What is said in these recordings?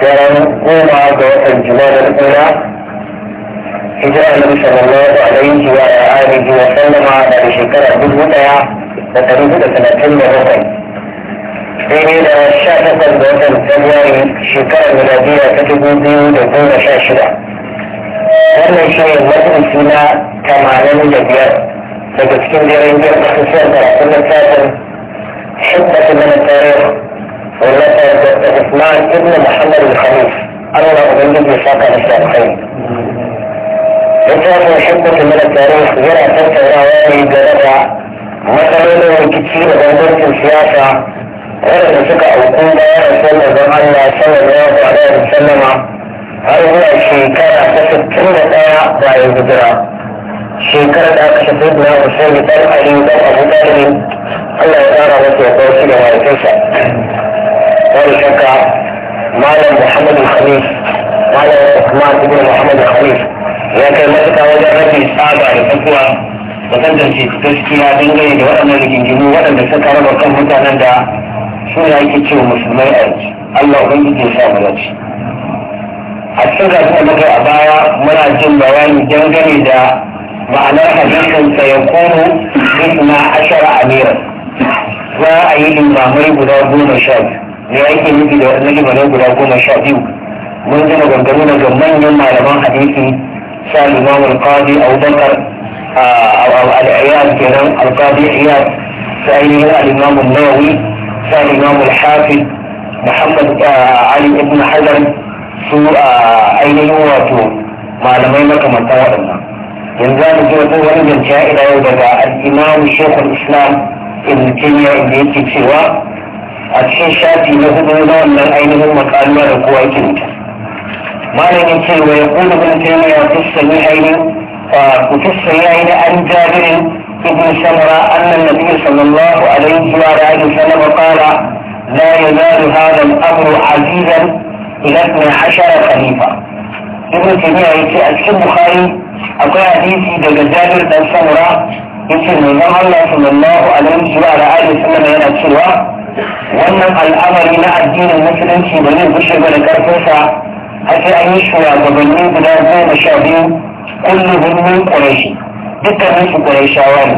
daren goma ga watan jima'a da hijira annabi sallallahu alaihi wa alihi wa sallama daga shekara dubu daya da dari da talatin da bakwai daidai da sha takwas ga watan fabrairu shekarar miladiya ta dubu biyu da goma sha shida wannan shi ne majalisi na tamanin da biyar daga cikin jirgin jirgin kasuwar da sun lissafin حبة من التاريخ ولك عثمان ابن محمد الخليف الله أبنجي ساق الشيخين يتواصل حبة من التاريخ جرى تلك الرواية جرى مثلا كتير غيرت السياسة ورد سكة أوقوبة رسول الله صلى الله عليه وسلم har zuwa shekara ta sittin da ɗaya bayan hijira shekara da aka shafi na musulmi ɗan ali ɗan abu ɗari allah ya ƙara masa ya kawo shi da mahaifinsa وذلك مال محمد الخليف مال عثمان بن محمد الخليف لكن ذلك وجد رجل سابع للتقوى وتنزل في تشكيلة بين غير وأن أن وأن السكر وكم متانا دا شو رأيك تشوف مسلمي أرج الله ويجد يسام الأرج أتشوف أن هناك أبايا ملا جن بوان جنجم دا معنى حديث سيكون مثل عشر أميرا وأي إمامي بدا بون شاب ya yake nufi da waɗannan limanai guda goma sha biyu mun ji maganganu daga manyan malaman hadisi sa limamul qadi abubakar al-iyad kenan al-qadi iyad sa ainihin al-imam an-nawawi sa al-imam al-hafiz muhammad ali ibn hajar su ainihin wato malamai makamantan waɗannan yanzu za mu ji wata wani zance ila yau daga al-imam shekul islam ibn taymiyyah inda yake cewa a cikin shafi na hudu na wannan ainihin makaliya da kowa yake mutum malam ya ce wa ya kuma bin taimaya tussani ainihin tussani ainihin an jabirin ابن سمرة أن النبي صلى الله عليه وآله وسلم قال لا يزال هذا الأمر عزيزا إلى 12 خليفة ابن تيمية يتي أسكن بخاري أقول حديثي بجزاجر بن سمرة يتي من الله صلى الله عليه وآله وسلم ينأتي wannan al'amari na addinin musulunci da zai gushe ba da karfinsa a sai an yi gabanni guda goma sha biyu kulluhum min ƙwarashi dukkanin su ƙwarashawa ne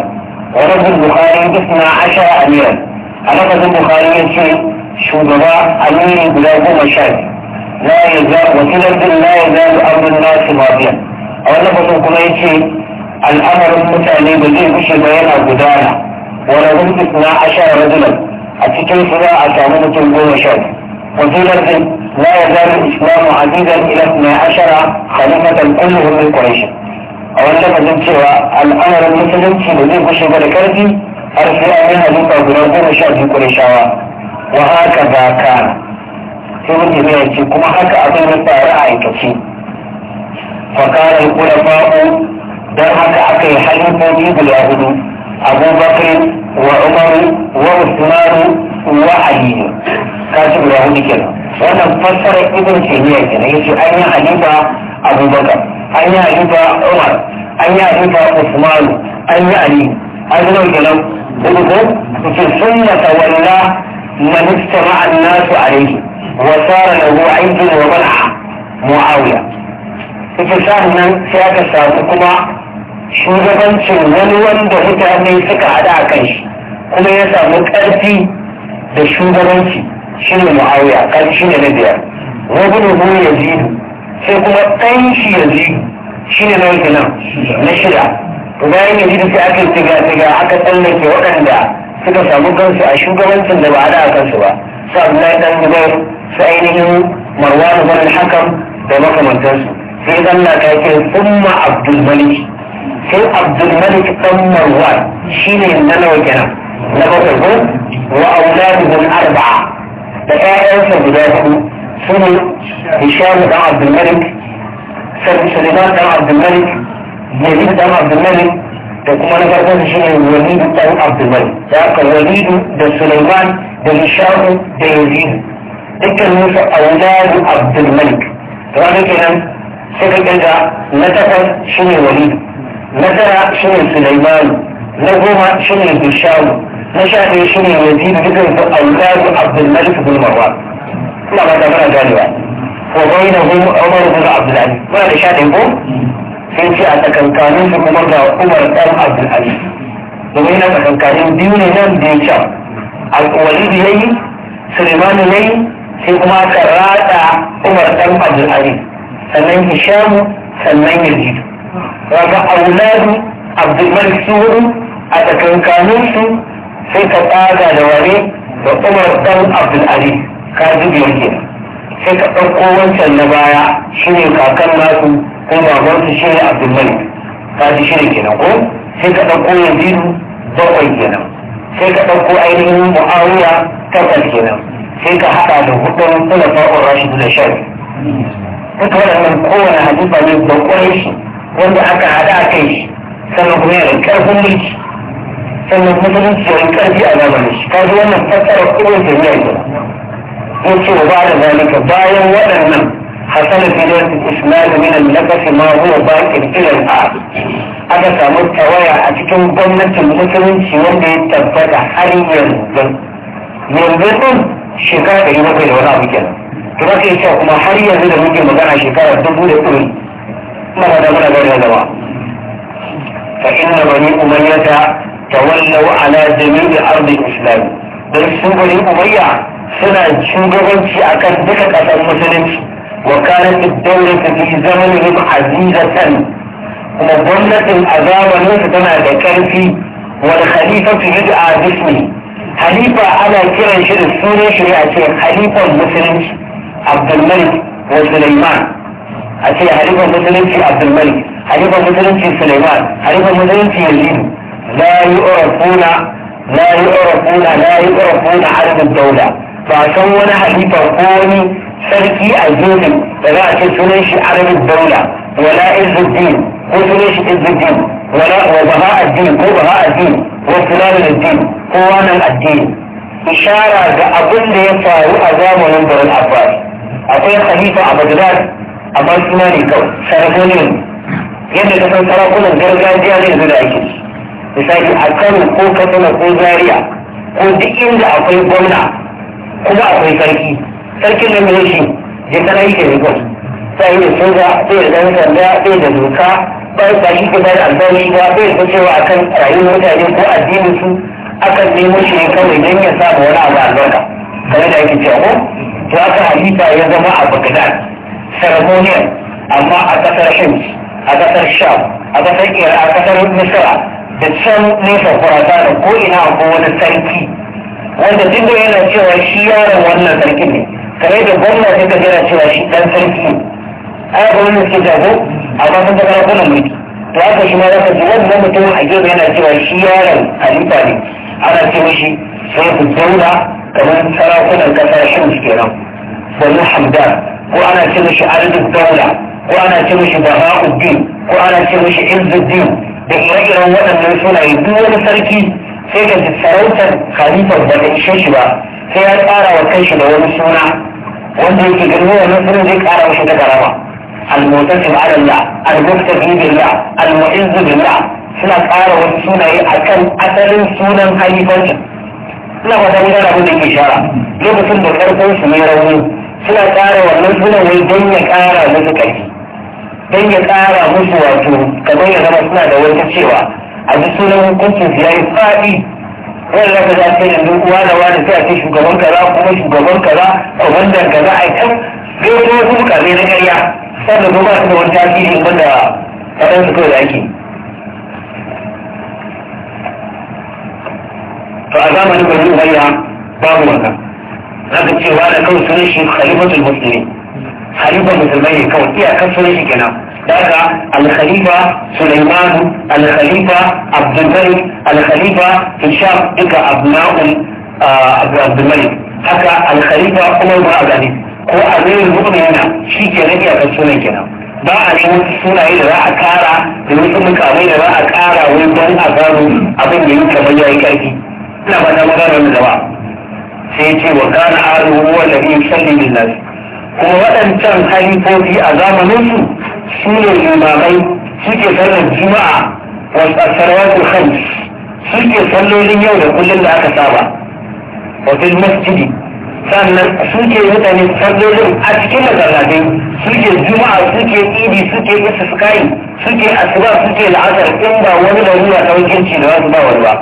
wani rabbul bukhari isna ashara amiran a lafazin ya ce shugaba amiri guda goma sha biyu ya za abin لا يزال وكذا لا يزال أمر الناس ماضيا أو لفظ كما يتي الأمر المتعلي بذيه بشي بيانا قدانا ولهم اثنا عشر رجلا a cikin su za a وفي لا يزال الاسلام عزيزا الى 12 خليفة كلهم من قريش. أولا لفظ سوى الامر المسلم في مدينة شبه كرفي أرسل أمين منها ذكر بنظر في قريشاوى وهكذا كان. في مدينة كما حكى أبن الطائرة عيكتي. فقال الخلفاء دعك أكي حليفة بيب باليهود أبو بكر وعمر وعثمان وعلي كاتب اليهودي كده وانا مفسر ابن سينيا كده يقول اين عليبا ابو بكر اين عليبا عمر اين عليبا عثمان اين علي هذا كلام الكلام بلغه في سنة تولى من استمع الناس عليه وصار له عيد وملحة معاوية في سهلا سياك السابق shugabancin wani wanda mutane suka hada a kan shi kuma ya samu ƙarfi da shugabanci shi ne muawiya ƙarfi ne na biyar wani ne ya zidu sai kuma ɗan shi zidu shi ne na yake na shida to bayan zidu sai aka tiga-tiga aka tsallake waɗanda suka samu kansu a shugabancin da ba hada a kansu ba su abdullahi ɗan zubair su ainihin marwan bin hakan da makamantansu sai Allah ta ce abdul هو عبد الملك المروان شين النمو كنام نبطه وأولاده الأربعة فأعرف بذلك سنو هشام دا عبد الملك سلم سليمان دا عبد الملك يزيد دا عبد الملك تقوم أنا فرقون شين الوليد دا عبد الملك دا الوليد دا سليمان دا هشام دا يزيد ذكر نوسى أولاد عبد الملك رغم كنام سلم دا نتفر شين الوليد نجاء شنين في العمال نجوما شنين في الشام نجأ في شنين يدين بذن أولاد عبد الملك بن مروان لا ما تفرع جانبا وبينهم عمر بن عبد العلي ما لشانهم في فئة كان كانين في عمر عمر بن عبد العلي ومين كان كانين ديون نام ديشا الوليد لي سليمان لي في عمر كراتا عمر بن عبد العلي سنين هشام سنين الهيدو wanda auladu abdulmalik su hudu a tsakankanin su sai ka tsaga da wani da umar dan abdulali ka zubi yake sai ka ɗauko wancan na baya shi ne kakan nasu ko babansu shi ne abdulmalik ka ji shi ne kenan ko sai ka ɗauko yanzu bakwai kenan sai ka ɗauko ainihin mu'awiya takwas kenan sai ka haɗa da hudun kula fa'ur rashidu da shari'a duka waɗannan kowane hadisa ne ƙwarai shi wanda aka hada kai shi sannan kuma yana karfin mulki sannan musulunci yana karfi a zamanin shi kaji wannan fassara ibn yi ne yace wa da zalika bayan waɗannan حصل في ذلك الإسلام من النفس ما هو باق إلى الآن aka samu tawaya a cikin gwamnatin musulunci wanda ya tabbata har yanzu yanzu din shekara da bakwai da wani abu kenan to za ka iya cewa kuma har yanzu da muke magana shekara dubu da ɗari ما هذا من غير هذا فإن بني أمية تولوا على جميع أرض الإسلام درس بني أمية سنة شنجرين في أكاد دكت أسان مسلم وكانت الدولة في زمنهم عزيزة هم ضلة الأذاب نفتنا ذكر في والخليفة في جدع باسمه خليفة على كرة شر السورة شريعة خليفة المسلم عبد الملك وسليمان هتلاقي حليفه حليف في عبد الملك حليفه حليف في سليمان حليفه حليف في يزيد لا يعرفون لا يعرفون لا يعرفون عدد الدولة فعشان وانا حليف كوني سلكي الزوجي فلا سليش عدد الدولة ولا عز الدين وسليش عز الدين ولا وبهاء الدين وبهاء الدين وسلال الدين قوانا الدين إشارة أقول لي صاروا أزامهم بالعباس أقول خليفة عبد الله amma suna ne kawai sarakunan yadda ta san sarakunan gargajiya ne yanzu da ake misali a kano ko katsina ko zaria ko duk inda akwai gwamna kuma akwai sarki sarkin da ne, shi je kana yi ne kawai sai da soja sai da dan sanda sai da doka bai ba shi ke bada albashi ba bai da cewa akan rayuwar mutane ko addinin su akan nemo shi kawai don ya samu wani abu albarka kamar da ake cewa ko to aka halitta ya zama a bagdad سيرمونيا amma a kasar hims a kasar sham a kasar kira a kasar misira da can nesa kurata da ko ina ko wani sarki wanda duk da yana cewa shi yaron wannan sarki ne kare da gwamna duka yana cewa shi dan sarki ne ai ba wani suke jago amma sun zama kuna mulki to haka shi ma za ka ji wannan mutum a gefe yana cewa shi yaron halifa ne ana ce mishi sai ku zauna kamar sarakunan kasar hims kenan wani hamdan وانا كمش عدد الدولة وانا كمش بهاء الدين وانا كمش عز الدين بإيرا وانا نرسونا يدوه لسركي سيكت السروسة خليفة بكشش با سيكت آرى وكشش با ونسونا وانجي تقلوه نصر ذيك آرى وشده كرامة المتسب على الله المكتبي بالله المعز بالله سيكت آرى ونسونا يأكل إيه؟ أسل سونا خليفة لا وزمينا لابد الإشارة لو بسنت الأرض سميرا ونسونا suna ƙara wannan suna wai don ya ƙara musu ƙarfi don ya ƙara musu wato kamar ya zama suna da wata cewa a ji sunan hukuncin su ya yi faɗi wani zaka za ta yanzu uwa da wani sai a ce shugaban kaza kuma shugaban kaza kwamandan kaza a yi sai wani wasu bukatai na ƙarya sannan kuma su da wani tasiri wanda kaɗan su kawai ake to a zamanin bari ubayya babu wannan za ka cewa da kawai sunan shi khalifatul musulmi khalifa musulmai ne kawai iyakar sunan shi kenan daga al-khalifa sulaiman al-khalifa abdulmalik al-khalifa hisham duka abna'ul abdulmalik haka al-khalifa umar ba abdulmalik ko a zai amirul mu'minina shi kenan iyakar sunan kenan ba a ne wasu sunaye da za a kara da wasu mukamai da za a kara wani don a gano abin da yi kamar ya yi karfi ina ba ta magana da ba sai wa kana halu huwa alladhi yusalli lin nas kuma waɗancan halifofi a zamanin su su ne limamai suke sallar juma'a wa sarawatul khams suke sallolin yau da kullun da aka saba wa fil masjidi sannan suke mutane sallolin a cikin masallatai suke juma'a suke idi suke istiskai suke asuba suke la'asar in ba wani da ruwa ta wakilci da wasu ba wani ba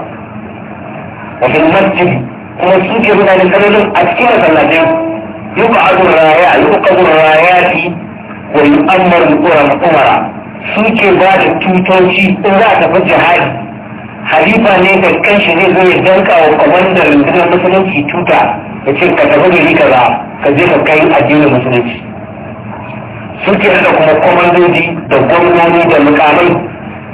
wa fil masjidi kuma su ke mutane kalolin a cikin masallacin yuqadu raya yuqadu rayati wa yu'ammar umara su ke ba da tutoci in za a tafi jihadi halifa ne da kanshi ne zai danka wa kwamandar rundunar musulunci tuta ya ce ka tafi gari za, ka je ka kai addinin musulunci suke da kuma kwamandoji da gwamnoni da mukamai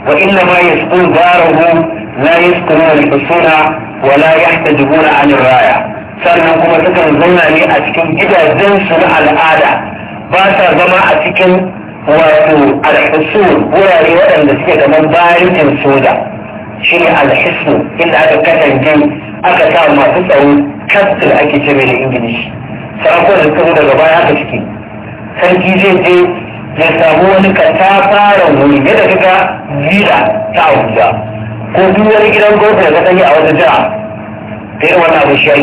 wa inna ma yasqun darahu la yasqun al-usuna wala yahtajibuna anir raya sannan kuma sukan zauna ne a cikin gidajen su na al'ada ba sa zama a cikin wato alhisul wurare waɗanda suke gaban barikin soja shi ne alhisu inda aka kasance aka sa masu tsaro kastil ake cire da ingilishi sarakon da suka daga baya aka ciki sarki zai je ya samu wani katafaren wuri da daga Zira ta abuja ko duk wani gidan gwamnati da ka yi a wata jiha ta yi wani abu shi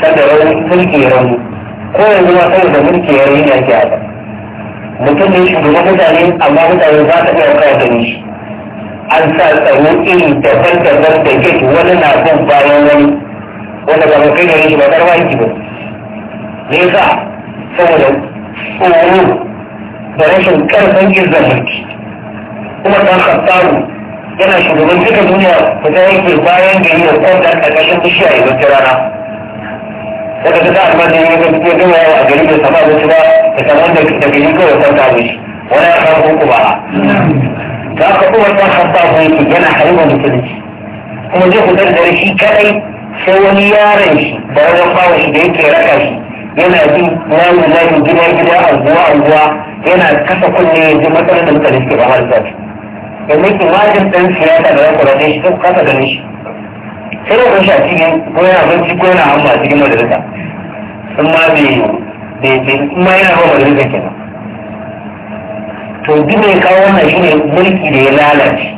sanda rauni mulki ya rauni ko yanzu ma saboda mulki ya rauni ake haka mutum ne shugaban mutane amma mutane za ta iya kawo da nishi an sa tsaro iri daban-daban da gate wani na bin bayan wani wanda ba kai gari shi ba karwa yake ba me yasa saboda tsoro da rashin karfin izinin mulki kuma ta hattaru yana shugaban duka duniya fita yake bayan gari da kwanta ƙarƙashin bishiya a wata rana daga ta almanin ya gaske gama yawa a gari da sama da ba da kamar da gari kawai kwanta mishi wani ya kawo ko kuma ta aka kuma ta hatta ko yake yana haihuwa musulunci kuma zai fitar da shi kadai sai wani yaron shi da wajen kawo shi da yake raka shi yana bi layi layi gida gida a a zuwa yana kasa kunne ya ji matsalar da mutane suke ba har yanzu ki wajin ɗan siyasa da ya kula da shi duk kasa ganin shi sai da kunshi a cikin ko yana bacci ko yana hamma a cikin majalisa sun ma bai ma yana ba majalisa kenan to duk mai kawo wannan shi ne mulki da ya lalace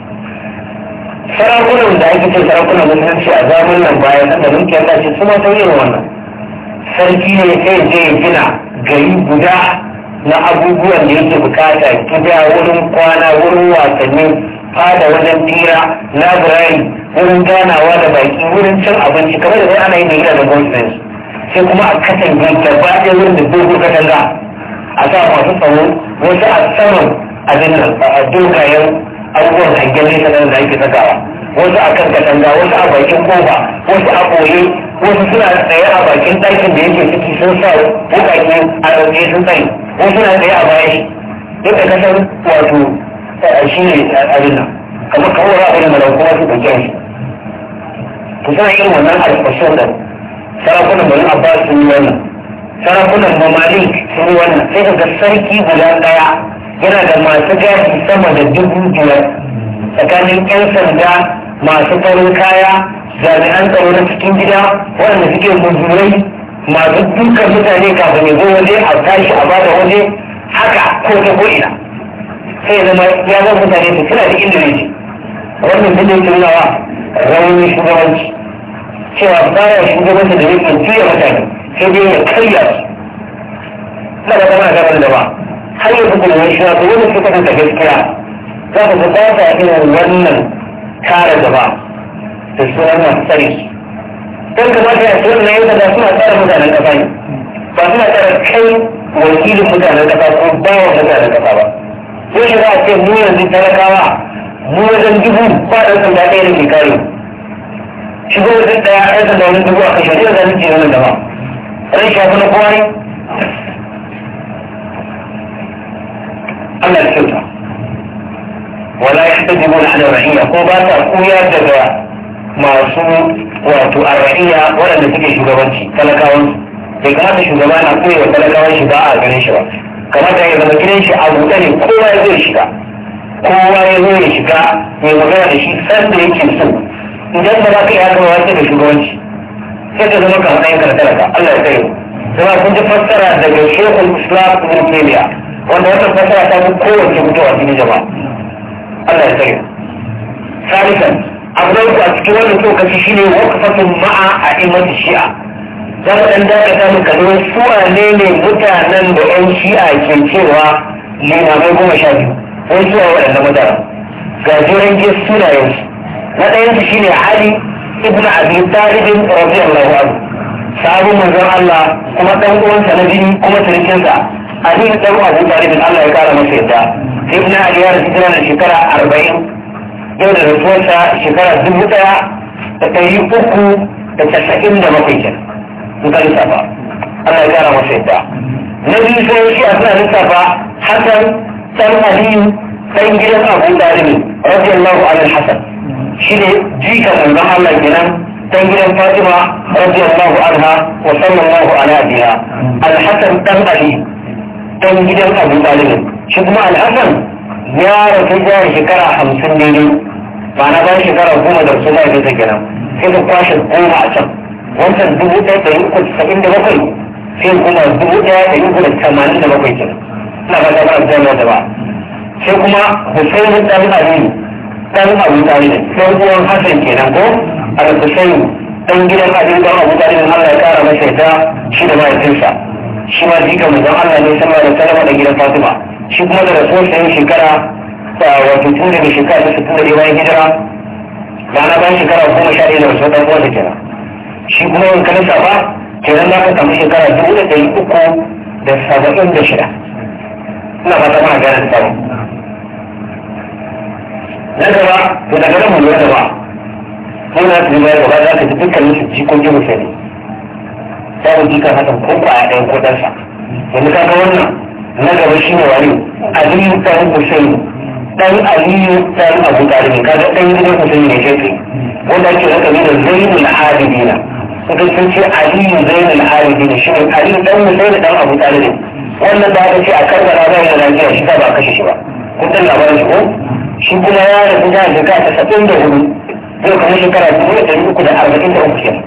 sarakunan da ake ce sarakunan musulunci a zaman nan bayan sanda mulki ya lalace su ma sauyin wannan sarki ne sai je gina gari guda na abubuwan da yake bukata gida wurin kwana wurin wasanni fada wajen tira labirari wurin ganawa da baki wurin cin abinci kamar da zai ana yi da gida da gwamnati sai kuma a katange gaba ɗaya wurin da dogo katanga a sa masu tsaro wasu a saman abin nan a dogayen abubuwan hangen nesa da ake sakawa wasu a kan katanga wasu a bakin kofa wasu a koye wasu suna tsaye a bakin ɗakin da yake ciki sun sa wukaƙe a ɗauke sun tsaye wasu suna tsaye a bayan shi duk da kasar wato eh, shi ne eh, abin nan kamar kawo ra'a da yi kuma su ɗauke shi ku suna yin wannan ƙasar da sarakunan bani abbas sun yi wannan sarakunan mamali sun yi wannan sai ka ga sarki guda ɗaya yana da masu gashi sama da dubu biyar tsakanin 'yan sanda masu farin kaya jami'an tsaro na cikin gida waɗanda suke muzurai masu dukkan mutane kafin ya zo waje a tashi a bada waje haka ko ta ko'ina sai ya zama ya zama mutane su suna da inda ne wannan da ne tunawa rauni shugabanci cewa baya shugabanci da yake juya mutane sai dai ya karya su na da zama gaban da ba har yanzu kuma ya shi na su wani suka kanta gaskiya za ku fi ba ta irin wannan kare gaba da suna na tsari don kamata ya suna na yau da suna tsara mutanen kasa ne ba suna tsara kai wakilin mutanen kasa ko bawa mutanen kasa ba sai shi za a ce mu yanzu talakawa mu wajen dubu ba ɗan sanda ɗaya da ke kare ba wajen ɗaya ɗan sanda wani dubu a kashe ne zai zai ke yawan dama rai shafi na kowa ne Allah ya kyauta wala shi ta jibon ala ra'iya ko ba ta koya daga masu wato a ra'iya waɗanda suke shugabanci talakawan bai kamata shugaba na koya wa talakawan shi ba a ganin shi ba kamata ya zama gidan shi a buɗe ne kowa ya zai shiga kowa ya zo ya shiga ya magana da shi san da yake so idan ba za ka iya kama wasu da shugabanci sai ka zama kamar ɗayan karkarata Allah ya tsaye zama kun ji fassara daga shekul islam ibn taymiya wanda wata fassara ta fi kowace mutuwa cikin jama'a Allah ya tsare salisan abu da a cikin wannan lokaci ma'a a imatu shi'a za mu dan dakata mu kalli su wane ne mutanen da yan shi'a ke cewa limamai goma sha biyu wani zuwa waɗannan mutanen ga jiran ke sunayensu na ɗayansu shine ali ibn abi talibin radiyallahu anhu sabon manzon Allah kuma ɗan uwansa na biyu kuma sirikinsa ali ɗan abu talibin Allah ya kara masa yadda ibn ali ya rasu tana shekara arba'in yau da rasuwarsa shekara dubu daya da ɗari uku da casa'in da bakwai kenan in ka lissafa Allah ya kara masa yadda na biyu sai shi a suna lissafa hasan san aliyu ɗan gidan abu dalibi radiyallahu anhu hasan shi ne jikan manzon Allah kenan ɗan gidan fatima radiyallahu anha wa sallallahu ala biha al-hasan ɗan ali ɗan gidan abu dalibi shi kuma Al'asan ya rasu jihar shekara hamsin daidai ba na ba shekara goma da su mai ta kenan sai ka kwashe goma a can wancan dubu ɗaya da yi uku saba'in da bakwai sai kuma dubu ɗaya da yi uku da tamanin da bakwai kenan na ba ta ba zama da ba sai kuma husaini ɗan aliyu ɗan abu ne ɗan uwan hassan kenan ko a da husaini ɗan gidan aliyu ɗan abu ne Allah ya kara masa yadda shi da mahaifinsa shi ma mu zan Allah ne sama da salama da gidan Fatima shi kuma da rasuwar sa shekara wato tun da shekara ta sittin da ɗaya bayan hijira rana bayan shekara goma sha ɗaya da rasuwar ɗan da kira. shi kuma in ka saba, ba kenan za ka samu shekara dubu da ɗari uku da saba'in da shida ina fata mana gane ta tsaro na gaba to daga nan mu lura ba mun na tuni bayan gaba za ka ji dukkan su jikokin mutane za mu jika hakan ko kwaya ɗaya ko ɗansa yanzu ka ga wannan na gaba shi ne wani aliyu dan husaini Ɗan aliyu dan abu talibin kaga dan gidan husaini ne shekai wanda ake rakami da zainul halibina suka sun ce aliyu zainul halibina shi ne aliyu Ɗan dan da Ɗan abu talibin wannan da aka ce a karbala bai da lafiya shi ta ba kashe shi ba kun labarin shi ko shi kuma ya rasu da shekara ta saba'in da hudu zai kuma shekara dubu da ɗari uku da arba'in da uku kenan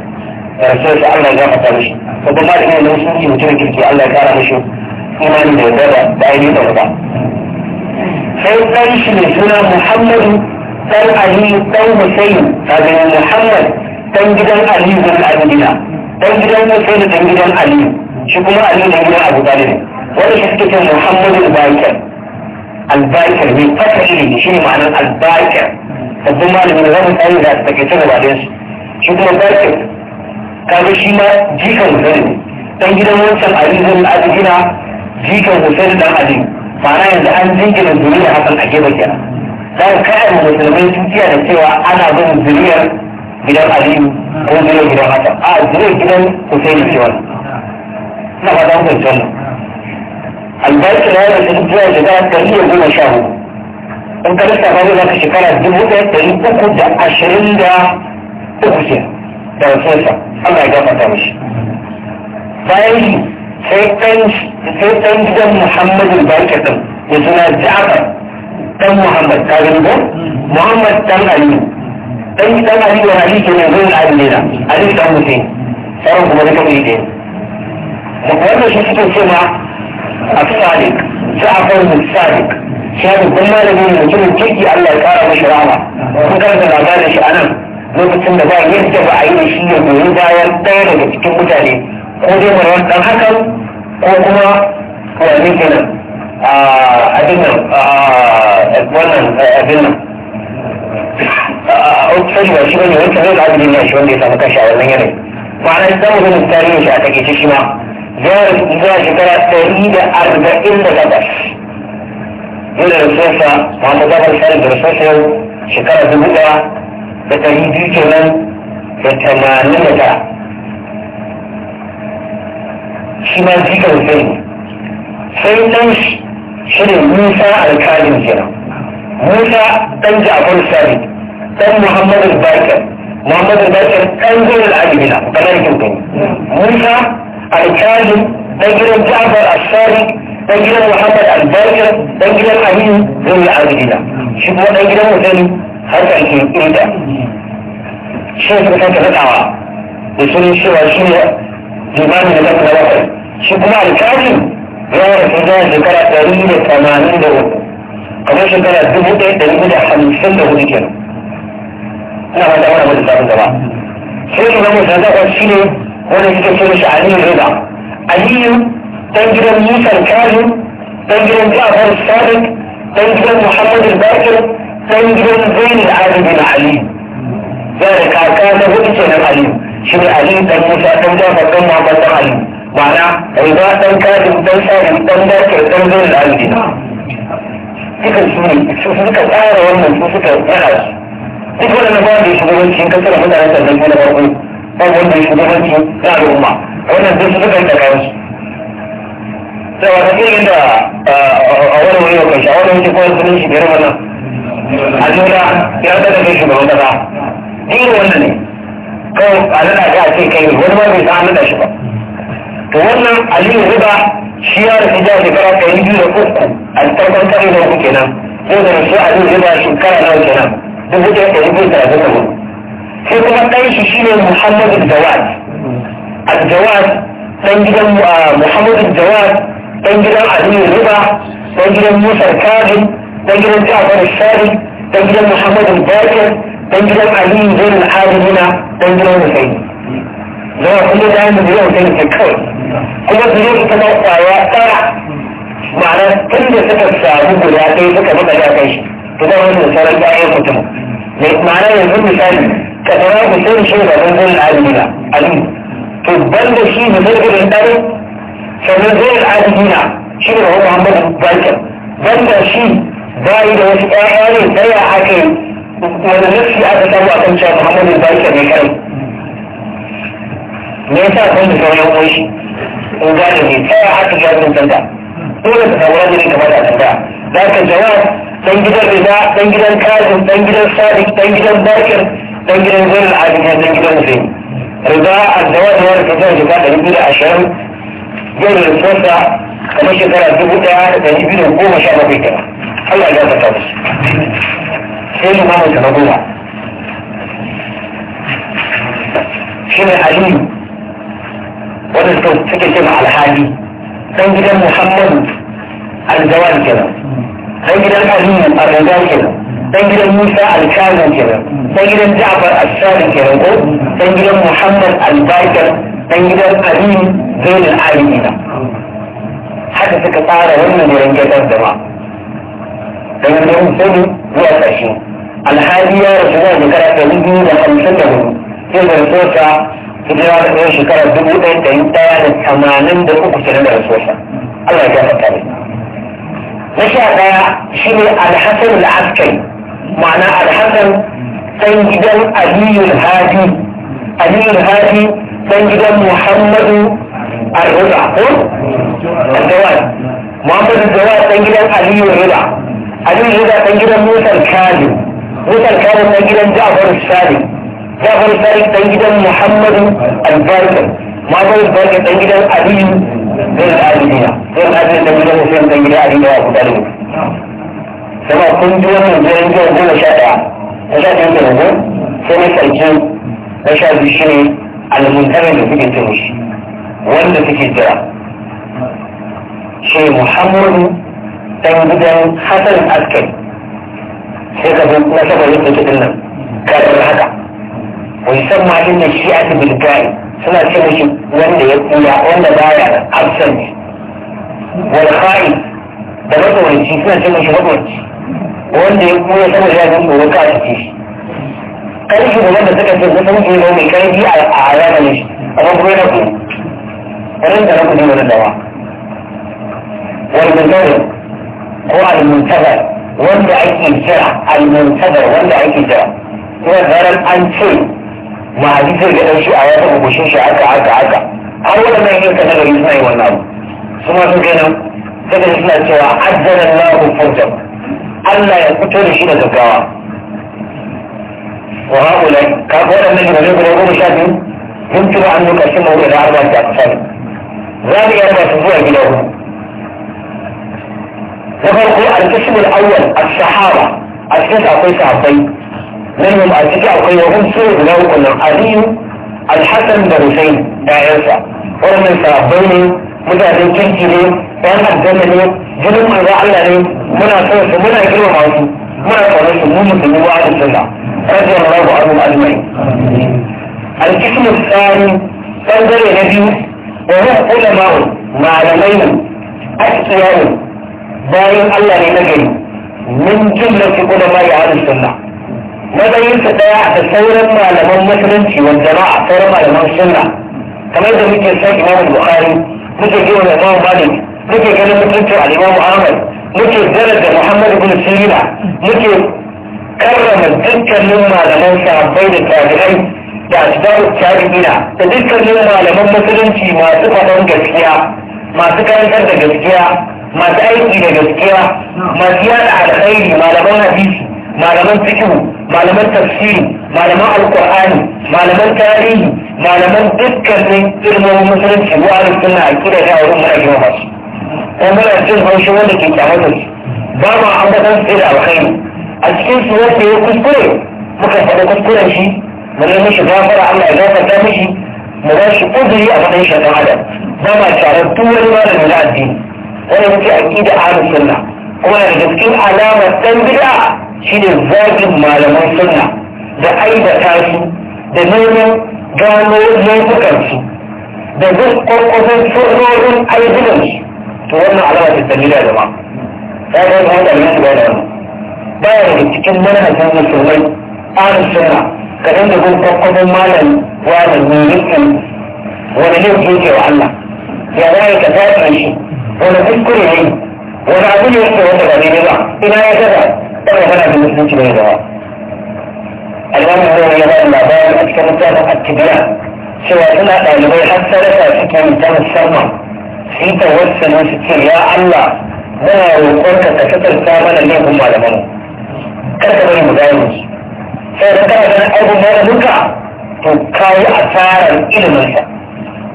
da rasuwarsa Allah ya gafarta mishi babban malamin da musulunci mutum kirki Allah ya kara mishi sunan da ya daba bayan da ba sai ɗan shi ne suna muhammadu ɗan ali ɗan husayn daga muhammad ɗan gidan ali bin abdina ɗan gidan husayn ɗan gidan ali shi kuma ali ɗan gidan abu talib wanda shi suke ce muhammadu bakir albakir mai fata ilimi shi ne ma'anar albakir sabbin malamin zama tsayin da take ce gaba ɗin su shi kuma bakir kaga shi ma jikan zane ɗan gidan wancan ali zan abdina jikan hussein dan ali ma'ana yanzu an jingina zuriyar hakan a gefe kenan dan kada mu musulmai sun ciya da cewa ana bin zuriyar gidan aliyu ko zuriyar gidan hasan a zuriyar gidan hussein ce wannan na fata mu fahimci wannan albarki na yau sun ciya da zai ta iya goma sha hudu in ka ba zai zaka shekara dubu ɗaya ɗari uku da ashirin da uku ce da rasuwarsa Allah ya gafarta mishi bayan shi sai ɗan gidan muhammadu barka ɗin ya suna ja'afar ɗan muhammad ta gani ko muhammad ɗan aliyu ɗan ɗan aliyu wani aliyu ke nan zai na aliyu na aliyu ɗan mutum sauran kuma duka mai ɗaya wanda shi suke ce ma a sadiq ja'afar mu sadiq shi ne babban malami ne mutumin kirki allah ya kara mashi rama kun karanta labarin shi a nan lokacin da ba yadda ba a yi da shi ya goyi bayan ɗaya daga cikin mutane ko dai marwan dan hakan ko kuma wani kenan a abin nan wannan abin nan a ofisar ba shi bane wancan zai abin ne shi wanda ya samu kashi a wannan yanayi ma'ana da samun ganin tarihin shi a takaice shi ma zuwa shekara ɗari da arba'in da takwas yau da rasuwarsa wanda zaɓar sarin da rasuwarsa yau shekara dubu ɗaya da ɗari biyu kenan da tamanin da tara shi ma jikan zai sai ɗan shi ne musa alkalin kenan musa ɗan jafar sari ɗan muhammad al-bakir muhammad al-bakir ɗan zuwa al-adimina ɗan kai musa alkalin ɗan gidan jafar al-sari ɗan gidan muhammad al-bakir ɗan gidan aminu zuwa al-adimina shi kuma ɗan gidan mutane har shi ne suka ta da sunan shi ne لمن لك واحد شو كمان الكاتب غير فضاء شكرا تاريخ ثمانين دقيقة كما شكرا دبو دي تاريخ دي حمسين دقيقة دي كنا أنا هذا وانا بدي سابق طبعا سيد الإمام الزهداء والسيني وانا يجي سيرش علي الرضا علي تنجرم موسى الكاظم تنجرم جعفر الصادق تنجرم محمد الباكر تنجرم زين العابدين علي ذلك عكاته وإسلام علي shi ne ali dan musa dan jafar dan muhammad dan ali ma'ana riba dan kadim dan salim dan dakir dan zuwa da ali duka su ne su suka tsara wannan su suka tsara duk wanda na ba da shugabanci in kasar mutanen da zai da farko ba wanda shugabanci na umma. wannan duk su suka yi da kawansu sai wata filin da a wani wani wa kanshi a wani wuce kawai sunan shi biyar wannan a juna ya tsada kai shugaban kasa irin wanda ne kawai a nada ka ce kai wani ma bai san nada shi ba to wannan aliyu riba shi ya rasu jiya shekara ɗari biyu da uku a farkon kare na uku kenan sai da shi aliyu riba shekara nawa kenan dubu ɗaya ɗari biyu da talatin da hudu sai kuma ɗan shi shine muhammadu jawad al-jawad ɗan gidan muhammadu jawad ɗan gidan aliyu riba ɗan gidan musa kazim ɗan gidan jafar sadiq ɗan gidan muhammadu bakir dan gidan Ali zai da Adamina dan gidan Hussein zama kuma da mu zai Hussein ke kawai kuma zai yi kuma kwaya ɗaya ma'ana tun da suka samu guda ɗaya suka buga da kai shi to da wannan da ƴaƴan mutum ma'ana yanzu misali ka tsara Hussein shi da zai gidan Adamina Ali to ban da shi da zai gidan ɗari sannan zai Adamina shi ne Muhammadu Ban da shi bayi da wasu ƴaƴa ne tsaya aka yi wani riski aka samu a kan cewa muhammadu ba shi ne kai me yasa kun da sauran wani in gane ne tsaya haka gajin sanda dole ka samu rajin kamar da sanda za ka jawab dan gidan riba dan gidan kazin dan gidan sadiq dan gidan bakir dan gidan zurin abin dan gidan musulmi riba الزواج هو الفتاة اللي كانت بيقول عشان جاي الفرصة كمشي ترى تقول ده ده يبين القوة شعبه كده الله يجازك بس شيء ما يجربوها شيء عليم wanda suka suke ce alhaji dan gidan muhammadu aljawar kenan dan gidan aliyu arrajar kenan dan gidan musa alkazan kenan dan gidan ja'far as-sadiq kenan ko dan gidan muhammad al-bakir dan gidan aliyu zainul abidin haka suka tsara wannan rangadar jama'a سيدنا سيدي مئة عشرين الحادية رسولها ذكرت تليدي لخمسته سيدنا رسولها hijira da ɗaya shekarar dubu ɗaya ɗari ɗaya da tamanin da uku kenan da rasuwarsa Allah ya gafarta ne na sha ɗaya shi ne alhassan al'askari ma'ana alhassan ɗan gidan aliyu hadi aliyu hadi ɗan gidan muhammadu al-rida ko al-jawad muhammadu jawad ɗan gidan aliyu rida abin huda ɗan gidan mutar kalim mutar kalim ɗan gidan ja'far salim ja'far salim ɗan gidan muhammadu albarkin muhammadu albarkin ɗan gidan aliyu zai da aliyuwa zai da aliyuwa ɗan gidan musulun ɗan gidan aliyuwa a kuɗa aliyu sama kun ji wannan jiran jiran goma sha ɗaya na sha ɗaya kenan ko sai na ƙarshe na sha biyu shi ne almuntarin da suke cin shi wanda suke jira shi muhammadu ɗan gidan hasan askari sai ka zo na saba yin ɗauki ɗin nan karɓar haka wai san ma inda shi a ta bilgari suna ce mashi wanda ya kuya wanda ya nan ne wani kha'i da matsawanci suna ce mashi matsawanci wanda ya kuya saboda ya zan tsoro ka a shi ƙarfi da wanda suka ce kusan jiro mai ƙarfi a ranar a amma kuma yana kuma wani da na kuɗi wani dawa wani da هو المنتظر واللعب الجرع المنتظر واللعب الجرع وذرا انتي ما عزيز الاشي عياته وبشيش عكا عكا عكا اول ما يجيب كنا غير يسمعي والنار ثم تنكينا كده يسمع الجرع عزل الله فوجب الا يقتل شيء زكاوة وهؤلاء كابولا من يجيب الوجود شاكي يمكن ان يكسمه الى اربعة اقصاد ذلك يجب ان يكسمه نفرق القسم الاول الصحابة السحة قيسة عطي منهم السحة قيسة وهم سوق له كلهم أليو الحسن بن حسين داعيسة ورمي سابين مدادين كنتيني فانحب زمني جنوب من وعلاني منا سوس منا يجلو معي منا يقرس مونة من وعد السحة رضي الله عنه أجمعين القسم الثاني تنظر نبيه وهو علماء معلمين أكتوانه bayan Allah ne na gari min jumlar su kuma ma ya hadu sunna matsayinsa daya da sauran malaman musulunci wa jama'a sauran malaman sunna kamar da muke san imamu bukhari muke ji wa imamu malik muke ganin mutuncin al'imamu ahmad muke zarar da muhammad ibn sirina muke karrama dukkanin malaman sahabbai da tabi'ai da asbabu tabi'ina da dukkanin malaman musulunci masu faɗan gaskiya masu karantar da gaskiya masu aiki da gaskiya masu yada alkhairi malaman hadisi malaman fiqh malaman tafsiri malaman alqur'ani malaman tarihi malaman dukkanin ilmin musulunci wa ahlus sunna akida da wurin muna girma su ko muna jin haushi wanda ke kyamar da su ba ma ambatan sai da alkhairi a cikin su wanda ya kuskure muka faɗi kuskuren shi mu nemi shi gafara Allah ya gafarta mishi mu ba shi uzuri a matsayin shaɗan adam ba ma tare duk wani malami na addini wannan ce aqida ahlus sunna kuma da cikin alamar dan bid'a shine zagin malaman sunna da aibata su da neman gano laifukan su da zai kwakwasan sunorin aibunan su to wannan alama ce ta bid'a jama'a ta ga wannan ne ba da wannan baya da cikin manhajin musulmai ahlus sunna kadan da gun kwakwasan malami wani ne yake wani ne yake wa Allah ya zai ka zaɓa shi wani kuskure ne wani abu ne yake wanda ba daidai ba ina ya gaza ɗan magana da musulunci bai gawa alwamin zai ya ba da labarin a cikin mutanen attibiya cewa suna ɗalibai har sadaka suke yi ta musamman su yi tawassulin su ce ya Allah muna roƙonka ka fitarta mana laifin malaman. Kada ka bari mu gane su sai ka kana ganin aibun malaminka to kayi asarar iliminsa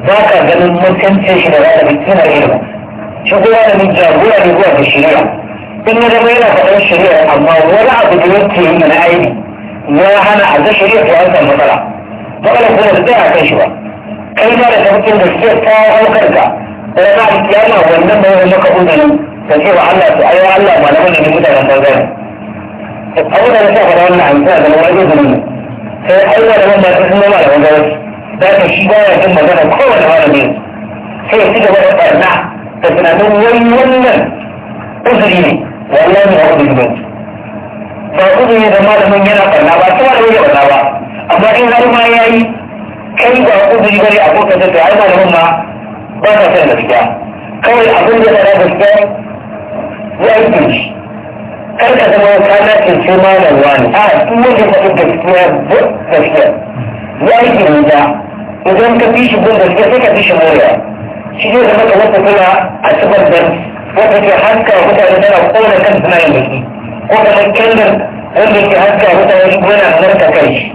ba ka ganin mutuncin shi da za ka bi ilimin shagora da jagora ne zuwa da shari'a in ya zama yana faɗar shari'a amma wani abu da yake yi na aini ya hana a ga shari'a ta yanka matsala matsala kuma da tsaya kan shi ba kai ma da tabbatin da suke kawo haukar ka da na alkiyama wannan bayan maka uzuri da cewa Allah su ayo Allah malaman da mutanen bangaren abu da na sa faɗa wannan amsa da wani uzuri sai Allah da wannan ta kuma malaman gawar da ta shi baya jin magana kowane malamin sai ya ci gaba da ɓarna da tunanin wani wannan uzuri ne wallahi ba uzuri ba ba uzuri da malamin yana barna ba ta malamin ya barna ba amma in har ma ya yi kai ba uzuri bari a kotar da ta ai da ma ba ta san gaskiya kawai abin da ta gaskiya ya yi kunshi kar ka zama ka na cince malam wani a duk wanda faɗin fi gaskiya gaskiya ya yi kunshi idan ka fi shi gun gaskiya sai ka fi shi morewa shi zai zama wata tana a cikin da wata ke haska mutane tana kona kan suna yin baki ko kamar kyandar wanda ke haska mutane shi yana halarta kai shi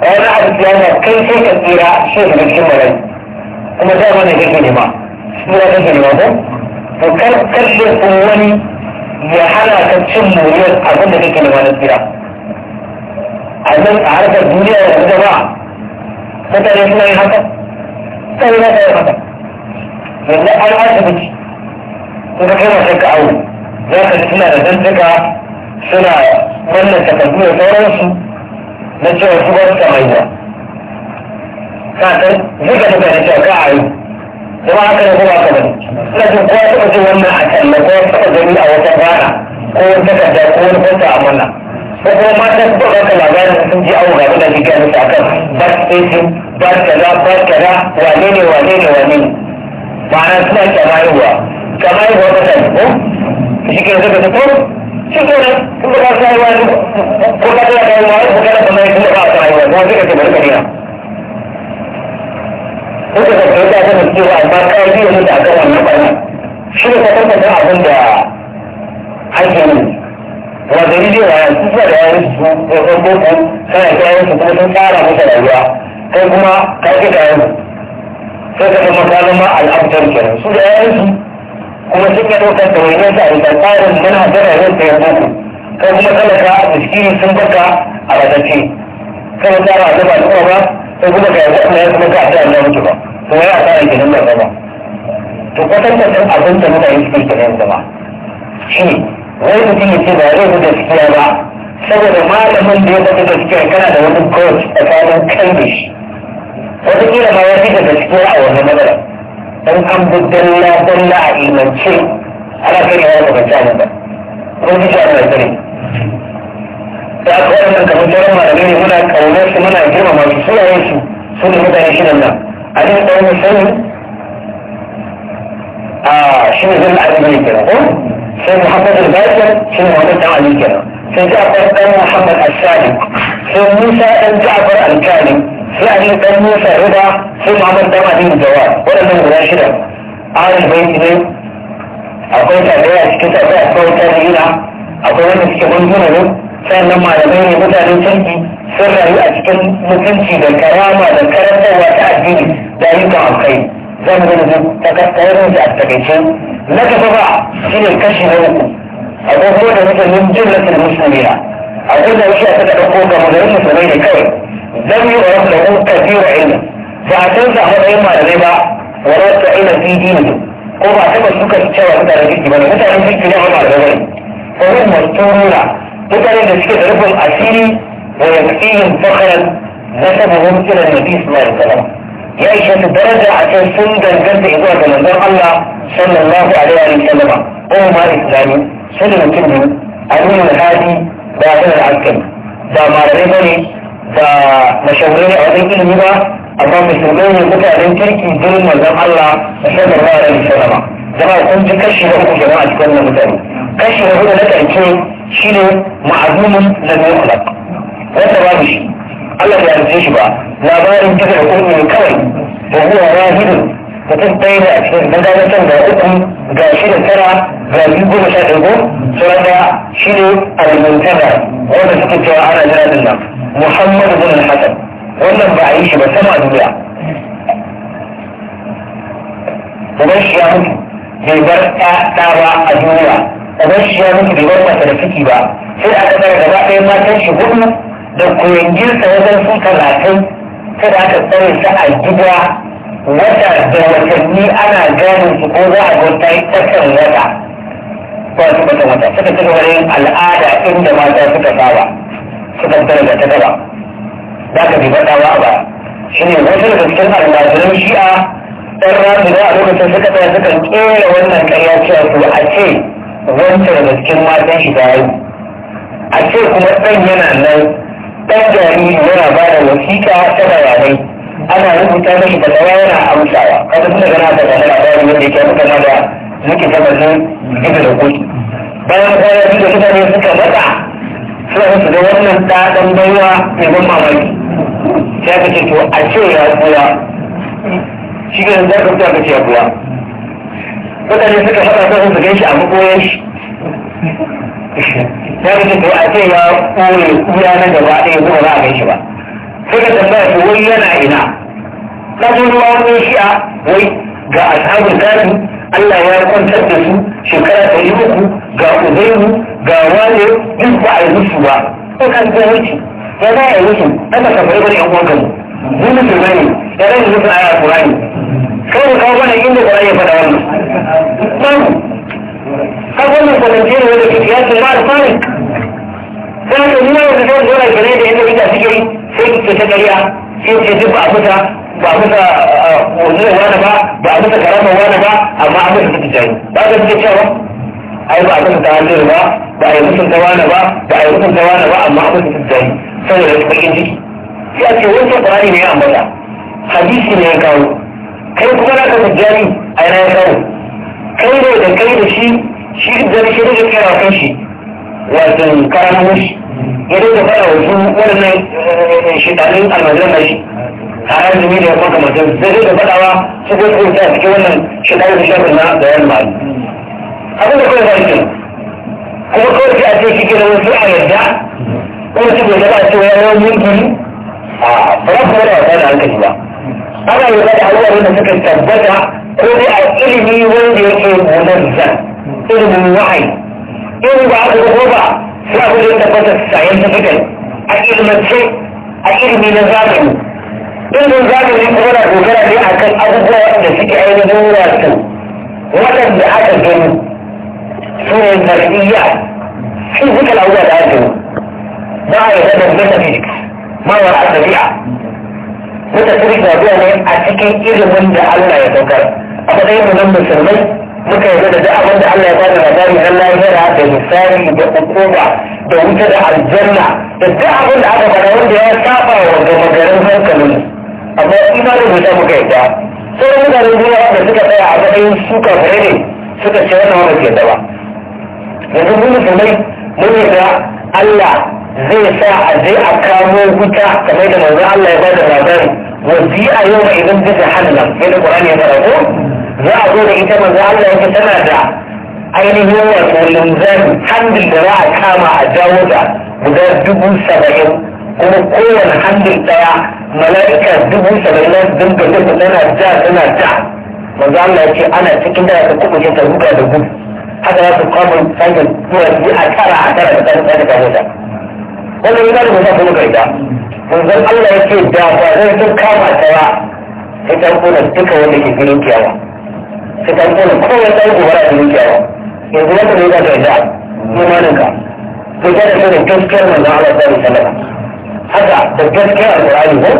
a wani abu kiyama kai sai ka tsira shi da cikin marai kuma da mana yake nema tsira kake nema ko to kar karshe ko wani ya hana ka cin moriyar abin da kake nema na tsira a zan a harkar duniya da gaba mutane suna yin haka sai na kai haka sannan an asibiti kuma kana shakka awo za ka suna da zantuka suna wannan takardu da sauransu na cewa su ba su kamaiwa ka san zika da ka cewa ka ayo kuma haka ne kuma haka bane suna jin kowa taɓa jin wannan a kalla ko taɓa gani a wata rana ko wani takarda ko wani kwanta a mana ko kuma mata su ba ka labarin sun ji awo ga abin da ke gani akan ba su ba kaza ba kaza wane ne wane ne wane ne ma'ana suna kamar ruwa yi ruwa ta sani ko shi ke zaka ta kuma shi ke nan kuma ka sa ne ko ka tana da ne ko ka tana da kuma ka sa ne ko zai ka ce bari ka ne ko ka zaka ta sanin cewa amma ka yi biyu da akan wannan barna shi ne ka tantance abin da ake yi wanda yi na yanzu suna da yi su ko boko kana yi su kuma sun fara masa rayuwa kai kuma ka kika yanzu sai ka zama ta zama al'abdar kenan su da yayin su kuma sun ya ɗaukar da wani yadda a bisa tsarin manhajar rayuwar ta yanzu kai kuma talaka miskini sun baka a ratace kai wata ba ta ba ta ba sai kuma ka yanzu Allah ya kuma ka ta Allah mutu ba to ya ta yi kenan da zama to kwatantar abin da mutane suke kenan zama shi wai mutum ya ce ba zai fi gaskiya ba saboda malamin da ya fata gaskiya kana da wani coach a tsarin kai da shi wataƙila ma ya fi da gaskiya a wannan magana don an bi dalla dalla a imance ana kai yawan maganci a nan ba ko ji shi a nan da aka wani nan kamar jiran malamai ne muna ƙaunar su muna girmama su suna yin su su ne mutane shi nan a jin ɗan sani a shi ne zan al'adu ne kenan ko sai muhammadu bakir shi ne wani ɗan ali kenan sai Ja'far ɗan Muhammad Al-Salim sai Musa yan Ja'far Al-Kani sai Ali ɗan Musa Rida sai Muhammad ɗan Aliyu Jawad waɗannan guda shida Ahlul Bayt ne akwai tabi'a cikin da akwai tabi'ina akwai wanda suke gunguna ne sannan malamai ne mutane, sarki sun rayu a cikin mutunci da karama da karantarwa ta addini da ayyukan alkhairi zan gudu ta da a takaice na gaba ba shi ne kashi na uku akwai ko da musulmin jirgin musulmina akwai da wasu aka ɗauko ga magarin musulmai ne kawai zan yi wa rasu da kun kafira ilmi ba a san sa matsayin malamai ba wa rasu ila fi dini ko ba taɓa suka cewa mutanen jirgi ba ne mutanen jirgi ne ba malamai ba ne ko yin masturura mutanen da suke da rufin asiri wa yakfiyin fakaran nasabuhum ila nabi sallallahu alaihi wasallam ya ishe su daraja a can sun danganta zuwa ga manzon Allah sallallahu alaihi wasallam ko ma islami شنو كنه أمين الهادي داخل العسكر دا ما ريبني دا مشغولين أعطي كل مبا أما مشغولين يبقى عليهم تركي دلما زم الله محمد الله عليه السلام زم الله كنت كشي لكم جماعة كنا متأني كشي لكم لك أن كنه شنو معظوم لم يخلق وتبابش الله يعني تشبع لا بارن تفع كل كوي وهو راهد mutum ɗaya ne a cikin dan kaga can ga uku ga shida tara ga biyu goma sha ɗaya ko sauran ɗaya shi ne al-muntara wanda suke cewa ana jira din nan muhammadu bin al-hasan wannan ba a yi shi ba sama a duniya uban shi ya mutu bai bar ɗa ba a duniya uban shi ya mutu bai bar masa da ciki ba sai aka tsara gaba ɗaya matan shi hudu da koyon girsa wajen su talatin sai da aka tsare su a gida wata da watanni ana ganin su ko za a ga ta yi kan wata ko su cikin wata suka ci gaba al'ada inda mata suka saba suka tare da ta gaba za ka bi faɗa ba shi ne wasu daga cikin almajirin shi'a ɗan rami, za a lokacin suka tsaya suka ƙera wannan ƙarya cewa to a ce wancan daga cikin matan shi ta yi a ce kuma ɗan yana nan ɗan jariri yana ba da wasiƙa ta bayanai ana rubuta mashi da dawa yana amsawa kada suna gana da wani labari wanda yake muka na da muke nan gida da koki bayan kwana biyu da ne suka zata? suna musu da wannan ta dan baiwa mai ban mamaki sai aka ce to a ce ya kula shi ne za ka fita ka ce ya kula mutane suka haɗa sai su gan shi a makoyan shi ya fi to a ce ya kore kura na gaba ɗaya kuma ba a gan shi ba sai ka tambaya to wani yana ina na zo ruwa wani shi'a wai ga ashabin zafi Allah ya kwantar da su shekara ta yi uku ga ubairu ga wane duk ba a yi musu ba ko kan zai wuce ya za a yi musu ɗan da kamar wani yan uwan mu musulmai ne ya zai yi musu a yi alƙurani kai da kawo mana inda ƙwarai ya faɗa wannan kan wannan kwalantiya ne wanda ke fiye da alfahari sai ka nuna wanda zai zo na gane da yadda ita suke yi sai ke ta ƙarya in ce ba a fita ba a fita wanzuwa wani ba ba a fita karamar wani ba amma a fita fita jani ba ka fita cewa ai ba a fita ta hannun ba ba a yi mutunta wani ba ba a yi mutunta wani ba amma a fita fita jani saboda wani bakin ciki ya ce wancan ƙwarari ne ya ambata hadisi ne ya kawo kai kuma na ka fita a yana ya kawo kai ne da kai da shi shi da shi da shi kan shi watan karamushi ya da fara wasu waɗannan shidanin almajiran da shi haram zumi da ya kuma kamata zai da fadawa su ko ko ta cikin wannan shidanin da shafin na da yan mali abin da kawai ba shi kuma kawai sai a ce shi ke da wasu a yadda kuma su bai zaba cewa ya yi yanki a fara kuma da wata da hankali ba ana yi ba da alwarin da suka tabbata ko dai a ilimi wanda yake munazzan ilimin wa'ayi in ba ku ko ba sai ku da tabbata scientific a ilmance a ilmi na zamani ilmin zamani kuma na dogara ne akan abubuwa da suke ainihin wasu waɗanda aka gani su ne nasiya physical abubuwa da aka ba a yi zanen metaphysics mawar a tafiya metaphysics na zuwa ne a cikin ilimin da Allah ya saukar a matsayin mu nan musulmai muka yarda da duk abin da Allah ya bada labari na lahira da misali da hukuma da wuta da aljanna da duk abin da aka faɗa wanda ya saba wa gama garin hankalin amma da wuta muka yarda sai mutanen duniya da suka tsaya a matsayin su kafirai ne suka ce wannan wani ke ba yanzu mun musulmai mun da Allah zai sa a je a kamo wuta kamar da manzo Allah ya bada labari wasi'a yau ma idan bisa hannun yadda Qur'ani ya fara ko za a zo da ita manzo Allah yake tana da ainihin wato linzan handil da za a kama a jawo da guda dubu saba'in kuma kowane handil ɗaya mala'ika dubu saba'in na dinga duka tana ja tana ja manzo Allah yake ana cikin da ta kuɓuce ta ruga da gudu haka za su kama sanya turanci a tara a tara da tsarin tsarin tsarin tsarin wannan yana da mutum kuma gaida manzon Allah ya ce da ba zai duk kama ta ba sai ta kuna duka wanda ke filin kiyawa ka ta kone kowai ta yi gobara a cikin kyawa yanzu wata ne za ka yi da imanin ka to ta da sanin gaskiyar manzon Allah ta yi sallama haka da gaskiyar alƙur'ani ko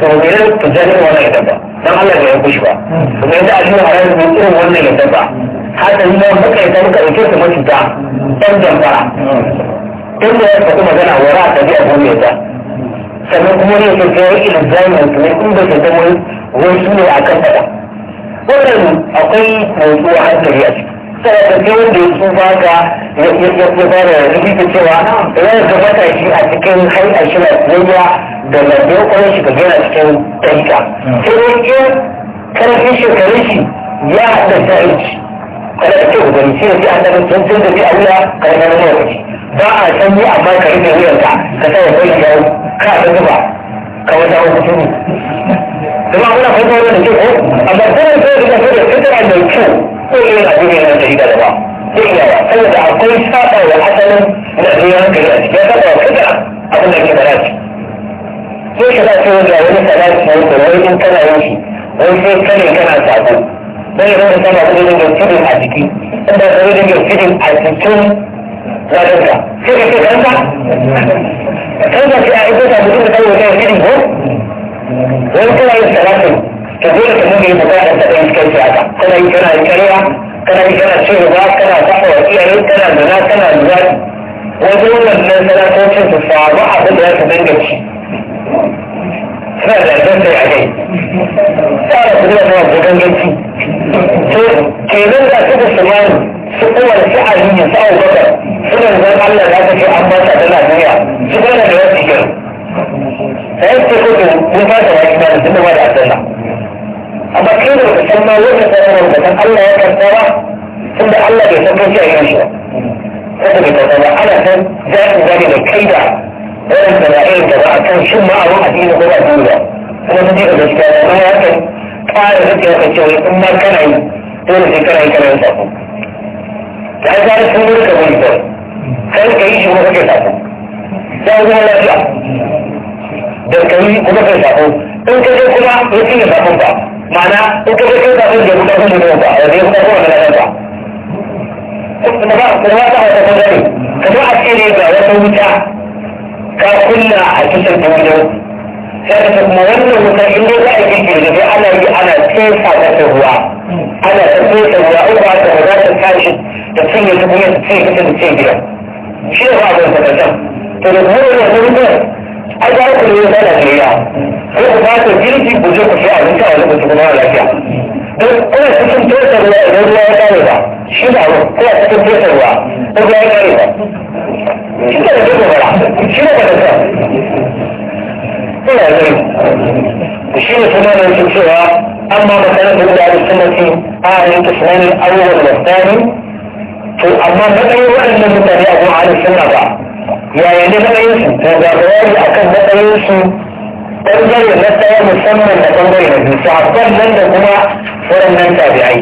to me ne ka jani wannan ya dabba dan Allah ya kushi ba kuma yanzu a cikin haram ne irin wannan ya dabba haka yi ma muka yi ta muka ɗauke su ta da ɗan jamfara tun da ya faɗi magana wara a tafiya ko me ta sannan kuma ne ya ce ya yi ilin zamin mutum in bai ta wani wani sune a kan faɗa wannan akwai mawuzuwa hankali a ciki sai da wanda ya tsufa ga ya da fara rubuta cewa yana gabata shi a cikin hanyar shi na tsayya da lambiyar kwanan shi gajera cikin tarika sai dai in karfin shekarun shi ya haɗa sa'ici kada ka ce ku gani shi ne sai an daga sun sun da bi a wuya kada ka nuna lokaci ba a san yi amma ka rike wuyanka ka sa ya kai ka ka zuba ka wata wata tuni kuma muna kuma wannan ke ko amma dole sai da kafa da fitira mai kyau ko da addini na jarida da ba ko akwai saba wa asalin na zuwa hankali a cikin saba wa fitira abin da ke da rafi sai ka da wanda wani salati na wanda wani in kana yin shi wani sai kane kana sabo dan yanzu da sama kudin da fidin a jiki inda kare da fidin a cikin zafinka sai ka ce kanka kanka sai a ita ta da kai wa kai fidin ko wani kana yin salatin ta ka dole ka nuna yin bukatar ta ɗan kai siyasa kana yi kana yi karewa kana yi kana cin ruwa kana kafa wa iyaye kana zina kana zuwaki wajen wannan salatocin su samu abin da ya su dinga ci suna da ɗan sai a kai tsara su zuwa zuwa da ganganci to ke zan da su da sumani su kowar su aliyu su abubakar su da zan allah za ta ce an ba su a dala duniya su gane da wasu kyau فأنت كتب مفاجأة إجمالا ثم ماذا أتسع أما كيف تسمى وجهة نظرة الله يكفر ثم الله بيسمى جاي يشرب كتب تتبع أنا كان ذات ذلك الكيدة ولم تلاقيه تبع كان شو مع واحد إنه هو دولة أنا بدي أقول لك أنا لكن قال لك يا أخي إما كنعي تقول كنعي كنعي تقول تعال تعرف من ذلك كيف يجي هو كيف تقول sai zama lafiya da kai kuma kai sako in ka je kuma mutum ya sakon ba ma'ana in ka kai sakon da kuma kuma da ba da kuma kuma da ba. kuma ba kuma ta hauka kan gani ka zo a tsere ga wata wuta ka kunna a cikin duniya sai ka kuma wannan wuta in dai za a yi girgi da ana yi ana tsefa ta ruwa ana ta tsefa ruwa in ba ta ba za ta tashi da cinye ta kuma ta ce ta ce ta gidan shi ne ba a zai ta to da kuma yana da ai da ku ne da lafiya ko ku ba ta girki ku je ku ci abinci a wani mutum na lafiya don kuna cikin ruwa idan ruwa ya kare ba shi ba ruwa kuna cikin tosar ruwa ko ruwa ya kare ba shi ne da ke gobara shi ne da ke ina gani shi suna nan sun cewa amma matsalar da gudanar sunnati a yanke sunanin abubuwan da to amma matsayin waɗannan mutane a gudanar sunna ba yaya ne matsayinsu na zaɓarwari a kan matsayinsu ɓangare na tsawon musamman da ɓangare na biyu sahabban nan da kuma waɗannan tabi'ai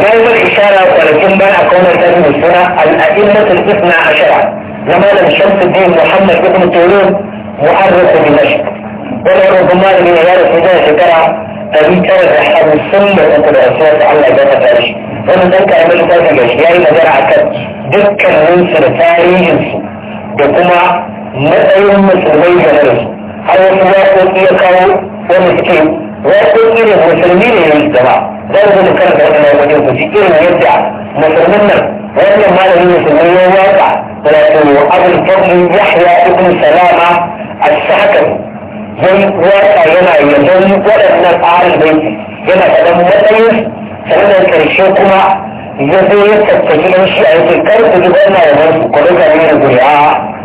na yi wani ishara kwanakin bayan a kaunar ta mai suna al'a'immatul isna ashara na malam shamsuddin muhammad ibn turun mu'arrasu dimashq wani rubun malami ya rasu da shekara abin kawai da hannu sun da ɗan da wasu wasu Allah ya ta shi wani ɗan karamin kwafi mai ya yi magana a kan dukkaninsu da tarihinsu da kuma matsayin musulmai da nan har wasu waƙoƙi ya kawo wanda suke waƙoƙi ne musulmi ne ya yi gaba zan zo da kan da wannan wajen ku ji irin yadda musulmin nan wannan malamin musulmi ya waƙa da na tsoro abin fadli yahya ibn salama a sahakan don wata yana yadon waɗannan ɗalibai yana faɗan matsayin sannan ƙarshe kuma ya zo ya tattaki ɗan shi a yake kar ku ji wannan yadon su ku riga ne guri a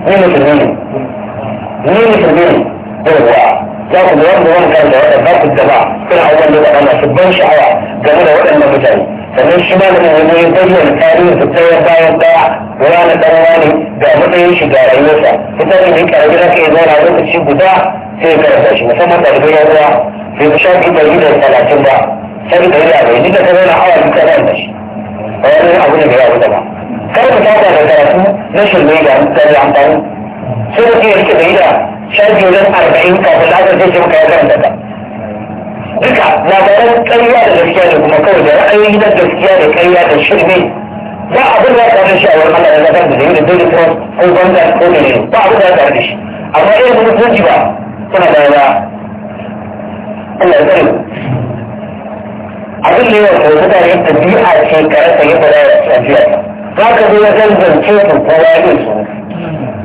ni musulmi ne ni musulmi ne yawwa za ku ga wanda wani kan da waɗanda ba ku gaba suna abubuwan da waɗanda su ban sha'awa game da waɗannan mutane sannan shi ma mutum ya bayyana tarihin su ɗaya bayan ɗaya wani ɗan wani ga matsayin shi ga rayuwarsa ita ne mai karbi zaka iya zauna lokaci guda sai ya karanta shi musamman ɗalibai ya zuwa bai fi shafi ɗari da talatin ba sai da ya bai ni da ta zauna awa duka zan da shi a wani abu da bai yawo da ba kar ka taka da karatu na shirme da da amfani sai mutum ya rike da shafi wajen arba'in kafin la'asar zai ce maka ya karanta ta duka na labaran ƙarya da gaskiya da kuma kawai da ra'ayoyi na gaskiya da ƙarya da shirme ba abin da ya tare shi a wurin Allah da zakar da zai da daily kuma ko banza ko ne, ba abin da ya tare da shi amma irin mutunci ba suna da yawa Allah ya tsare abin da yawan tare da ɗabi'a ce karanta ya fara a jiya Ba ka zo wajen zance su ko ya yi su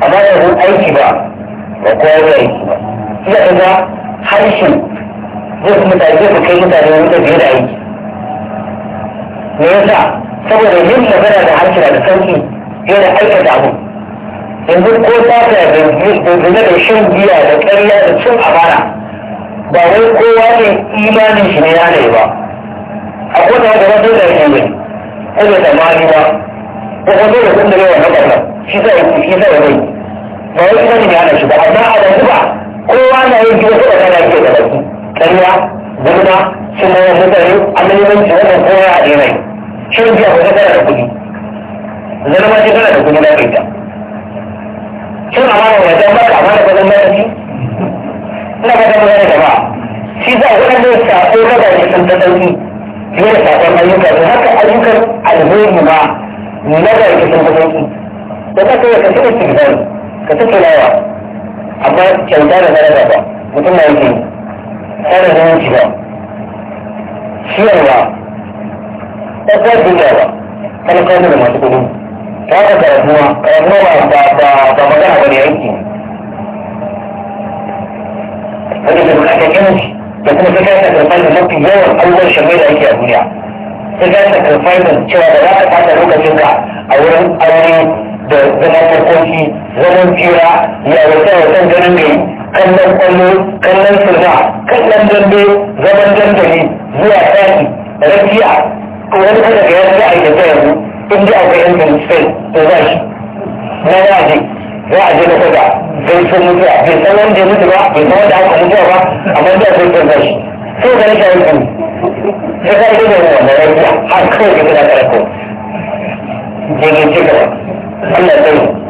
amma da aiki ba ba kowa ya aiki ba. Ina ga harshen zai mutane zai kai mutane wanda fiye da aiki me yasa saboda yin magana da harshe da sauki yana aikata abu yanzu ko sata da zina da shan giya da ƙarya da cin amana ba wai kowa ne imanin shi ne yanayi ba akwai da wata wata da ke yi ko da samani ba ko kuma dole kun da yawa na ƙarfa shi sa ya shi sa ya ba wai imanin ya na shi ba amma a yanzu ba kowa na yin giya ko da kana ke da baki ƙarya zama cin bayan mutane amalimanci wannan kowa a ɗaya shirin biya kusa tana da kuɗi zama ma ce tana da kuɗi na kaita cin amana wata ba ta mana ba zan zama yanci ina ba ta magana da ba shi za a waɗannan sako na gani sun ta ɗauki fiye da sakon ayyuka da haka ayyukan alheri ma na gani sun ta ɗauki da ta kai ka shi da cigari ka ta ci tilawa amma kyauta da zarada ba mutum na yake yi ana nan shi ba ciyarwa ƙasar ba talakawa da masu kudu ta haka karatuwa karatuwa ba ba ba magana ba ne da kuma ta da mafi yawan abubuwan shirme da ake a duniya ta kasa karfai da cewa da za ka lokacin ka a wurin aure da zaman makoki zaman fira ya wata ganin gari kallon kwallo kallon silma kallon dambe zaman dandali zuwa tsaki rafiya ko wani kada ga yanzu a yi zai yanzu in ji akwai yan ministan da za shi na yaji za a je na kwada zai san mutuwa bai san wanda ya mutu ba bai san wanda aka mutuwa ba amma da zai san shi sai ga rashin yanzu sai ka yi da wannan rafiya har kawai ga gina karako jirgin cikin Allah ya sani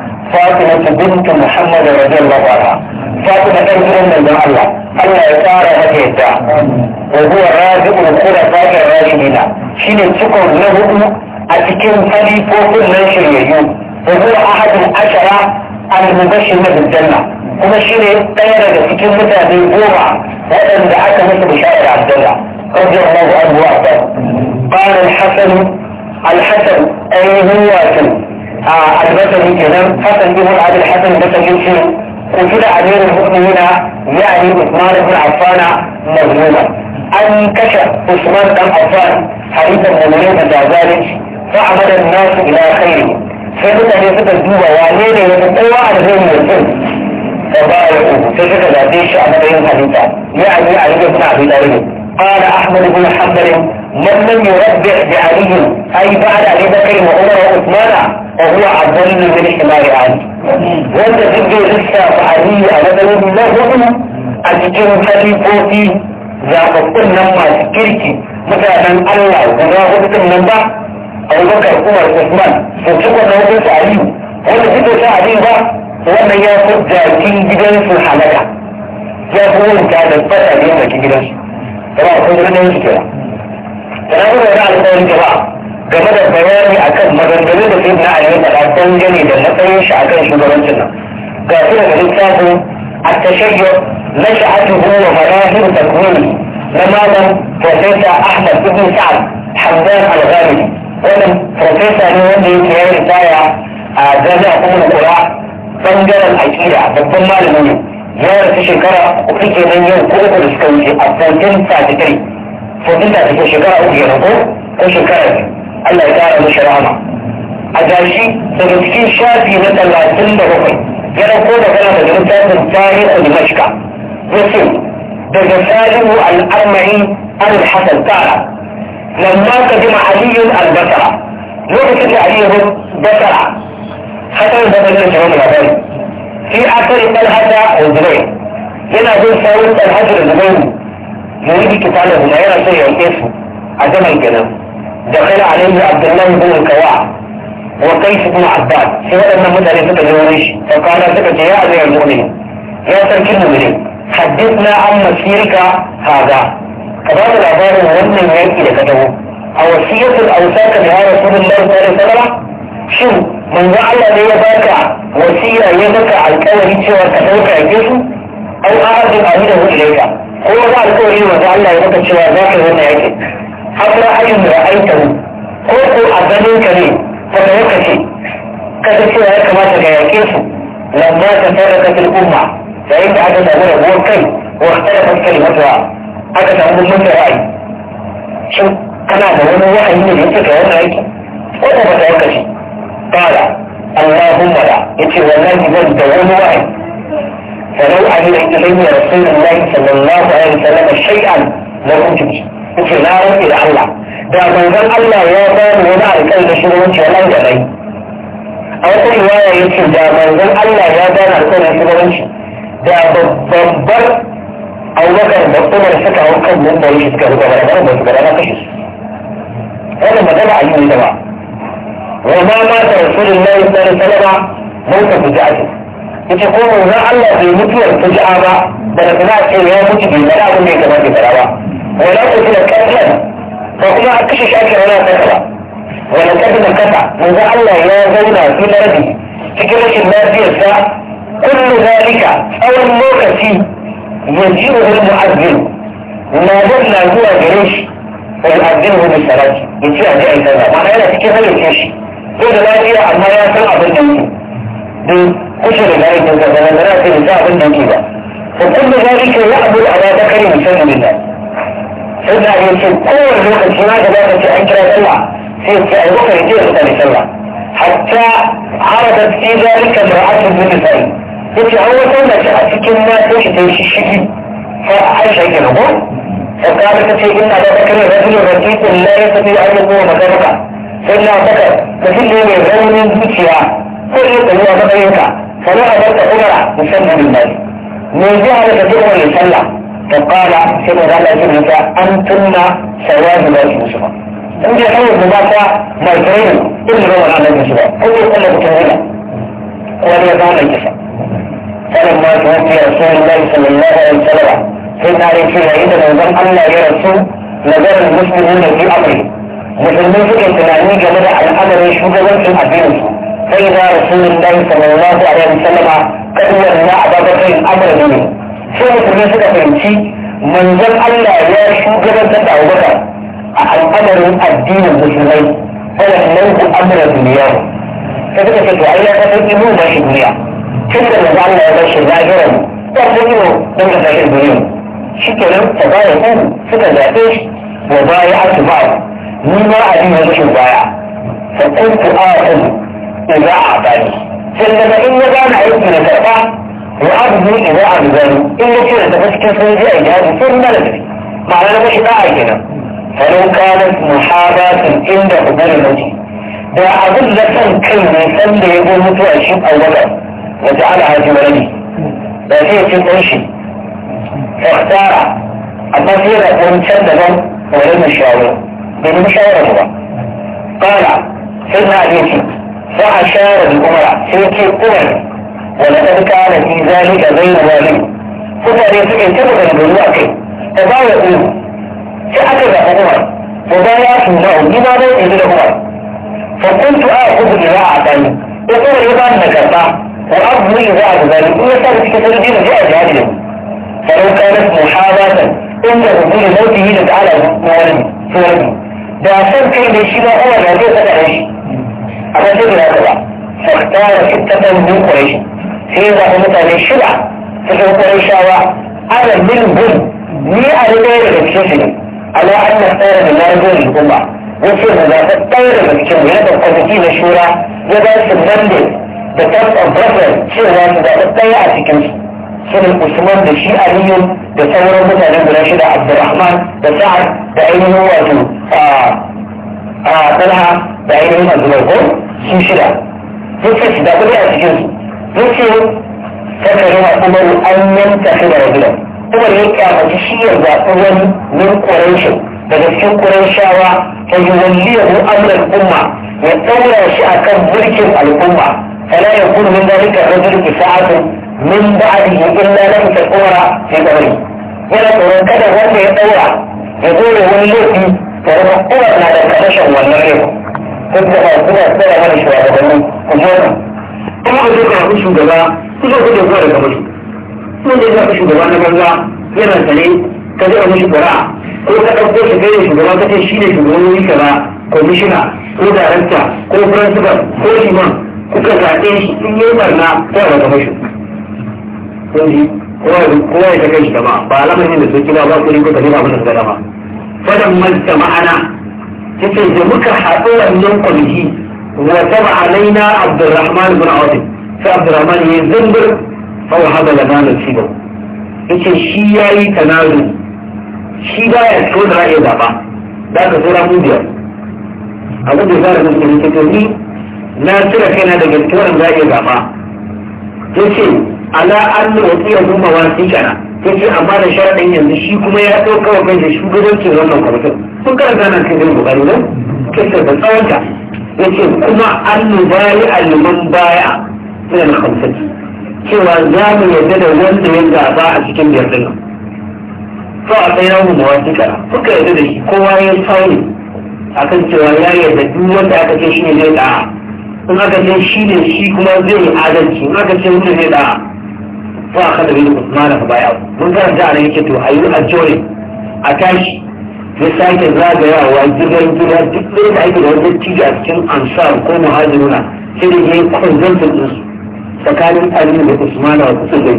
فاطمة بنت محمد رضي الله عنها فاطمة كانت أم الله الله يتعالى هذه الدعاء وهو رازق وكل فاطمة الراشدين شين السكر له أتكين فلي فوق الناشر يهيون وهو أحد الأشرة المبشر من الجنة كما شين يتطير في كم مثل هذه الجوعة وهذا مثل بشارة عبد الله رضي الله عنه وعبده قال الحسن الحسن أي هو حدثني كلام حسن به العبد الحسن البشري شنو وكذا امير المؤمنين يعني عثمان بن عفان مظلوما انكشف عثمان بن عفان حديثا مظلوما بعد ذلك فعمد الناس الى خيره sai mutane suka duba wane ne ya fi kowa a zai mutum da ba ya sai suka zaɓe shi a matsayin قال احمد بن حنبل من لم يرد بعلي اي بعد ابي بكر وعمر وعثمان وهو عدل من حمار علي وانت تبدو لسه بعلي ابدا له اذكر خليفه في ذاك الطن ما ذكرك مثلا الله وما غبت من بعد ابو بكر عمر عثمان فشكوى ما غبت علي وانت تبدو لسه علي بعد ومن ياخذ ذاتي بدنس الحلقه يا بول كان الفتى بيومك بدنس jama'a kun ji ne kira kana kuma yana alƙawarin jama'a game da bayani akan maganganun da sai na ayyuka da dangane da matsayin shi akan shugabancin nan ga su daga littafin التشيع نشأته ومراحل تكوينه لماذا بروفيسور أحمد بن سعد حمدان الغامدي ومن بروفيسور نيوندي كيان تايا جامعة أم القرى بنجر الأكيدة بالضمة المنيو ya rasu shekara uku kenan yau ko uku da suka wuce a 1433 1433 shekara uku kenan ko ko shekara biyu Allah ya kara mishi rahama a gashi daga cikin shafi na talatin da bakwai ya dauko da kana daga littafin tarihi al-mashka yace daga salihu al-arma'i al-hasan ta'ala lamma kadima ali al-basra lokacin da ali ya basra hakan da daga cikin labari في اثر طلحه وزبير هنا دول ساوي الهجر الزبير يريد القتال هنا شيء ينقصه عزم الجنم دخل عليه عبد الله بن الكواع وقيس بن عباد سواء ان مدى لفتة جوريش فقال لفك يا امير المؤمنين يا تركي المؤمنين حدثنا عن مسيرك هذا كبار العبارة ومن يأتي لكتبه أوصية الأوساك لها رسول الله صلى الله عليه وسلم shin manzo Allah ne ya baka wasiya ya baka alƙawari cewa ka dauka ke su an da amina ne ka ko wani alƙawari manzo Allah ya baka cewa za ka yi wannan yaki hafra ayyun da aita ko ko a ganin ka ne ka dauka ce ta cewa ya kamata ka yake su lamma ta fara ka umma yayin da aka samu rabuwar kai wa ikhtalafat kalimatuha aka samu mutum ra'ayi shin kana da wani wahayi ne da yake ka wannan aiki ko ba ta yaka shi kala allahumma la yace wannan idan da wani wani falau a yi da ilimin rasulullahi sallallahu alaihi wasallam shay'an na rujuji yace na rufe da allah da manzon allah ya ba mu wani alƙal da shirin wuce nan da nai a wata riwaya ce da manzon allah ya ba mu alƙalin da shirin wancan da babbar a abubakar da umar suka hau kan mun da yi shi suka rubuta da ba su gara na kashe su wannan magana a yi ne da ba وما مات رسول الله صلى الله عليه وسلم موت فجعته yake ko na Allah bai mutuwar fuji'a ba daga kuma a ce ya mutu bai fara abin da ya kamata ya fara ba wala ku tuna kafin ko kuma a kashe shaki wala kasa wala kafin kasa manzo Allah ya zauna fi rabi cikin rashin lafiyarsa kullu zalika tsawon lokaci yajiru al-mu'azzin na na zuwa gare shi ويؤذنه بالصلاة يجي أن يأتي معنى أنا في كيف يجيش ko da lafiya amma ya san abin da yake bai kushe da gari da zaba da zara sai da abin da yake ba ko kullu zalika ya abu ala zakari musamman lillah sai da yake kowane lokaci ma da zaka ce an kira sallah sai ce ai baka yi da mutane sallah hatta haradat fi zalika mar'atu min nisa'i yace an wata mace a cikin matan shi ta yi shishigi fa aisha ke rago فقالت تشي إن أبا بكر رجل رقيق لا يستطيع أن يقوم مكانك sai na saka mutum ne mai raunin zuciya sai ya tsaye a matsayinka sannan a barka umara musamman bin bari me zai hana ka zuwa mai sallah ta kala sai da zala ji mutu an tunna sauwa da bari musu ba in dai hanyar da ba ta mai tsaye in da wani annabi musu ba ko ya kalla mutum yana ko ne ya zama kisa sanin ma ta wafi rasulullahi sallallahu alaihi wasallam sai na rai cewa inda manzon Allah ya rasu nazarin muslimin da fi amri musulmi suke tunani game da al'adari shugabancin addini sai da rasulullahi sallallahu alaihi wasallam kaduwar na ababakar amurka ne sai musulmi suka fahimci manzon Allah ya shugabantar da abubakar a al'adarin addinin musulmai wannan ku amurka duniya sai suka ce to ai ya kasar ilu ba shi duniya tun da manzon Allah ya bar shi zahiran ƙarfin ilu don ka sashen duniya shi kenan ta bayan suka zaɓe shi wa baya a su ba'a ni ba a yi yanzu baya fa kuntu aqul idza abani sai daga in ya gane aiki na karba wa abdu idza abdani in ya ce da cikin sun ji a jaji sun mara da ma'ana na shi da'a kenan falau kanat muhabatun inda ubari maji da abin da kan kai ne san da ya zo mutuwa shi a wajen wata ala haji wani da sai ya ce kunshi fahtara amma sai da wancan daban wani mashawarar لأنه مش أورده قال سيدنا عليك فأشار بالأمراء سيكي أمر ولقد كان في ذلك بين والي فقال يسكي تبقى بالله تبايع منه فأكد أمر وبايعت له لماذا إلى أمر فكنت آخذ إذاعة يقول إذا نكفى وأبني بعد ذلك ويسأل كثير دين جاء جاهلا فلو كانت محاضة إنه في موته موالي مولد da san kai ne shi ma kuma da zai faɗa shi a kan zai na gaba faktar sittatan min quraish sai ya zaɓi mutane shida cikin qurayshawa ana min gun ni a ne ɗaya daga cikin su ne ala an na tsara da lafiyar al'umma wasu da zaɓi ɗaya daga cikin mu yadda kwamiti na shura ya ba su mandate da terms of reference cewa su zaɓi ɗaya a cikin su shirin usman da shi aliyu da sauran mutane guda shida abdurrahman da sa'ad da ainihin wato a talha da ainihin azubai ko su shida sun ce shi da kudi a cikin su sun ce sakari na umar an yanka shi da rabila umar ya kyamaci shi ya zaɓi wani min ƙuraishin daga cikin ƙuraishawa ta yi walliyahu amran umma ya ɗaura shi akan mulkin al'umma فلا يكون من ذلك الرجل بساعة min ba a ba'dihi illa lam sai fi qabri yana tsoron kada wanda ya daura ya dole wani laifi ta zama uwar na da kamashin wannan laifin duk da ba kuma tsara mana shi shugabannin kuma wannan in ba zai karɓi shugaba suka gudu zuwa da mutu sun da zaɓi shugaba na banza yana tsare ka zai mishi ƙura ko ka ɗauko shi kai shugaba ka ce shi ne shugaban wuri kaza komishina ko darakta ko principal ko liman kuka zaɓe shi in yi barna ta da mutu kundi kowa ya kai shi gaba ba al'amarin da sun kila ba ku riko ka nema masa gaba fadan mazda ma'ana yace da muka haɗu wannan kwaliki wa taba alaina abdurrahman ibn awd sai abdurrahman ya zambir fa hada lana nasiba yace shi yayi tanazu shi ba ya so da ra'ayi zaba da ka tsora mu biyar abin da zara musulmi ta ni na tura kaina daga tsoron da ya zaba yace ala an da wasu ya zuma wa sikana sun ce amma da sharaɗin yanzu shi kuma ya ɗauka wa kansa shugabancin wannan kwamitin sun kara gana kan yin bukari ne kisa da tsawonta ya ce kuma an bayi a liman baya suna na hamsaki cewa za mu yarda da wanda ya zaɓa a cikin biyar ɗin to a tsaye na mu da wasu kana suka yarda da shi kowa ya sauni akan cewa ya yarda duk wanda aka ce shi ne zai ɗaya in aka ce shi ne shi kuma zai yi adalci in aka ce wanda zai ɗaya فأخذ به عثمان فبايعه من كان جعل يكتو أيها الجوري أتاش يساك الزاجة وأجزر يمكنها تكبر العيد الوزن تيجي أسكن أنصار قوم هاجرون سيدي هي كونزن في النص فكان أبي عثمان وكسر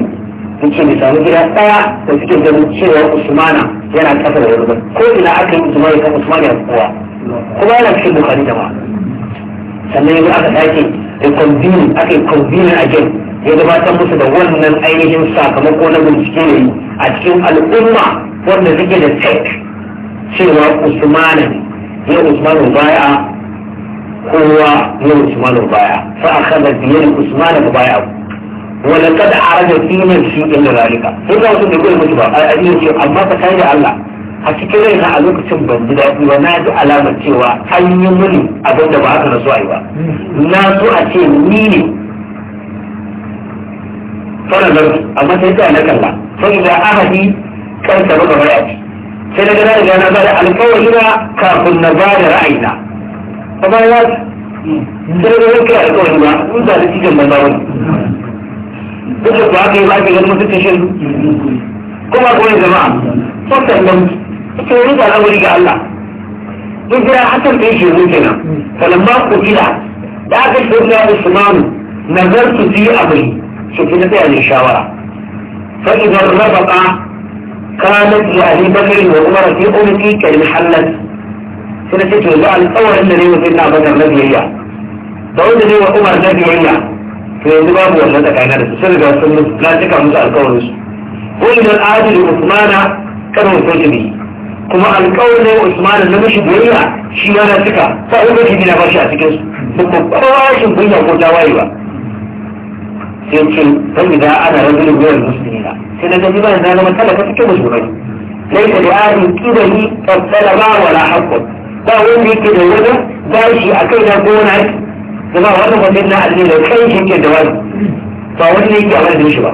yake da samu gida daya da suke ganin cewa usmana yana kasa da yoruba ko ina aka yi usmani kan usmani a kowa kuma yana cikin bukari da ma sannan yanzu aka sake da konbini aka yi konbini a gen ya gabatar musu da wannan ainihin sakamako na bincike ne a cikin al'umma wanda suke da tek cewa usmanin ya usmanin baya kowa ya usmanin baya fa akhadha biyar usmanin baya wala kada a araja fi nafsi illa zalika sai ga wasu da gudu mutu ba a yi ce amma fa kai da Allah a cikin raina a lokacin ban ji daɗi ba na ji alamar cewa an yi muni abinda ba aka rasu a yi ba na so a ce ni ne فنظرت أما سيكون أنا كلا فإذا أهدي كان سبب رأيك سنجد إذا نظر القول هنا كافل نظار رأينا فما يواجه سنجد إذا كان القول هنا وإذا نتيجة النظار duk da haka yi lafi ganin mutum shi kuma kuma jama'a fakar nan ta yi da al'amari ga Allah in jira hakan da yake zuke nan falamma ku jira da aka shi da Usman nazartu fi amri سكنت هذه الشاورة فإذا الرفق كانت لأهل بكر وعمر في أمتي كالمحلة سنسيت الله الأول الذي وفينا بكر الذي هي دعوت لي وعمر الذي هي في الباب والذي كان سرقة سنة لا تكع مساء الكونس وإذا الآجل عثمان كانوا في كما alƙawarin عثمان na بيئة شيئا shi yana بنا ta ubangiji بكو bashi بيئة cikin su يمكن فإذا أنا رجل من المسلمين سنجد بما أن أنا مثلك تكبش بمي ليس لآهل كده لي فالسلماء ولا حق با وندي كده وده باشي أكيد أكون عك لما وانا مثلنا أزيل الخيش كده وده فوندي كأول بشبه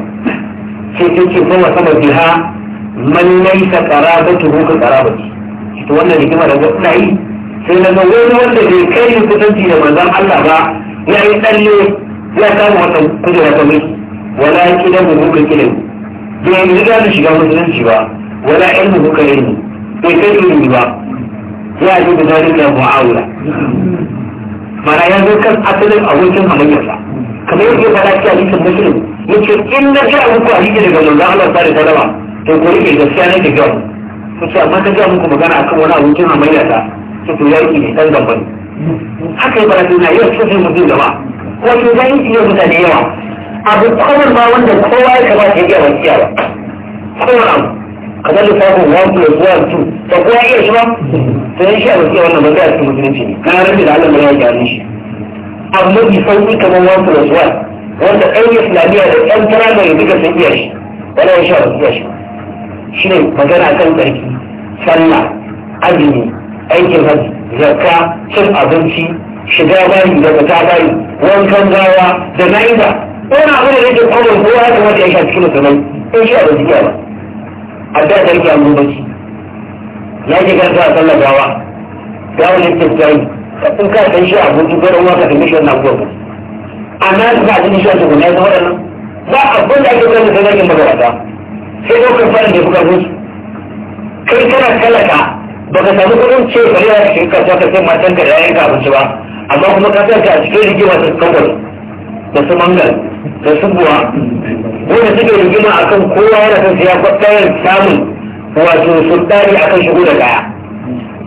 سيتكي فهو سمى بها من ليس قرابته كقرابتي ita wannan rigimar da ina yi sai na ga wani wanda bai kai ni kusanci ya samu wannan kujera ta mulki wala kidan mu muka kidan bai za da shiga musulunci ba wala ilmu muka ilmu bai kai ilimi ba ya ji da zalika mu'awula mana ya zo kan asalin abokin hamayyarsa kamar yadda ya faɗa cikin hadisin muslim yace in na ga abubuwa hadisi daga manzo Allah sallallahu alaihi wasallam to ko rike gaskiya ne da gawo kuce amma ka ga muku magana akan wani abokin hamayyarsa to ya yi ne dan gaban haka ya fara duniya yau sai mutum gaba ko shugabanci ya mutane yawa abu kawai ma wanda kowa ya kamata ya iya wakiya ba a zan lissafin 1 plus 1 2 da kowa iya shi ba to shi a wakiya wannan ba zai a cikin musulunci ne kana rabi da allah mai yawa shi abu mafi sauƙi kamar 1 plus 1 wanda ɗan islamiyya da ɗan firamare duka sun iya shi wani ya sha iya shi shi ne magana kan tsarki sallah azumi aikin hajji zakka cin abinci shiga bayi da fita bayi wankan gawa da na'iza wani abu da yake kwanar kowa ya kamata ya sha cikin musulmai in shi a da jiya ba a da ta yake amma bacci ya ke karta a sallar gawa gawa ne ta yi in ka san shi a gudu gwaron waka da mishan na guwa amma su ba a cikin shi a cikin ya zama da nan ba abin da ake kwanar da sallar yin magabata sai ɗaukar fara da ya fi karfin su kai kana talaka ba ka samu kudin ce bari a cikin kasuwa ka sai matan ka yayin ka abinci ba amma kuma ka sai ka a cikin rigima ta kawai da su mangal da su buwa wanda suke rigima akan kowa yana kan siya kwaɗayar samun wato a akan shigo da kaya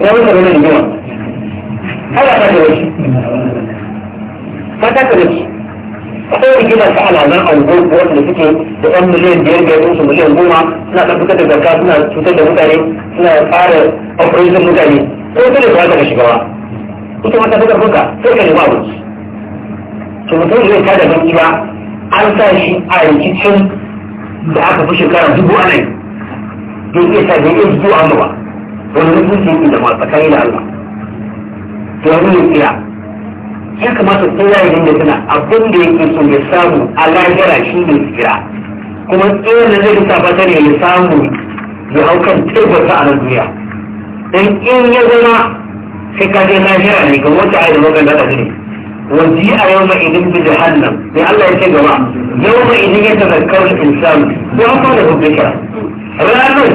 ya muka wani rigima ana ta da wasu mata ka da su akwai rigima ta alamar angon wanda suke da 'yan miliyan biyar biyar su miliyan goma suna da fitar da zarka suna cutar da mutane suna fara operation mutane ko dole ba ta shiga ba ita ma ta fuka sai ka nemi abinci to mutum zai kada baki ba an sa shi a rikicin da aka fi shekara dubu a nan don iya sa bai iya dubu a ba wani mutunci yake da ma tsakani da Allah to yanzu ne tsira ya kamata kowa ya dinga tuna abin da yake so ya samu a lahira shi ne tsira kuma tsohon da zai lissafa ta ne ya samu ya hau kan tabbarsa a nan duniya don in ya zama sai ka je lahira ne ga wata ayi da magan da ne waji a yau ma idin bi da hannu. ne Allah ya ce gaba yau ma idin ya tazakkar insan samu. Ya fara da bishira ranar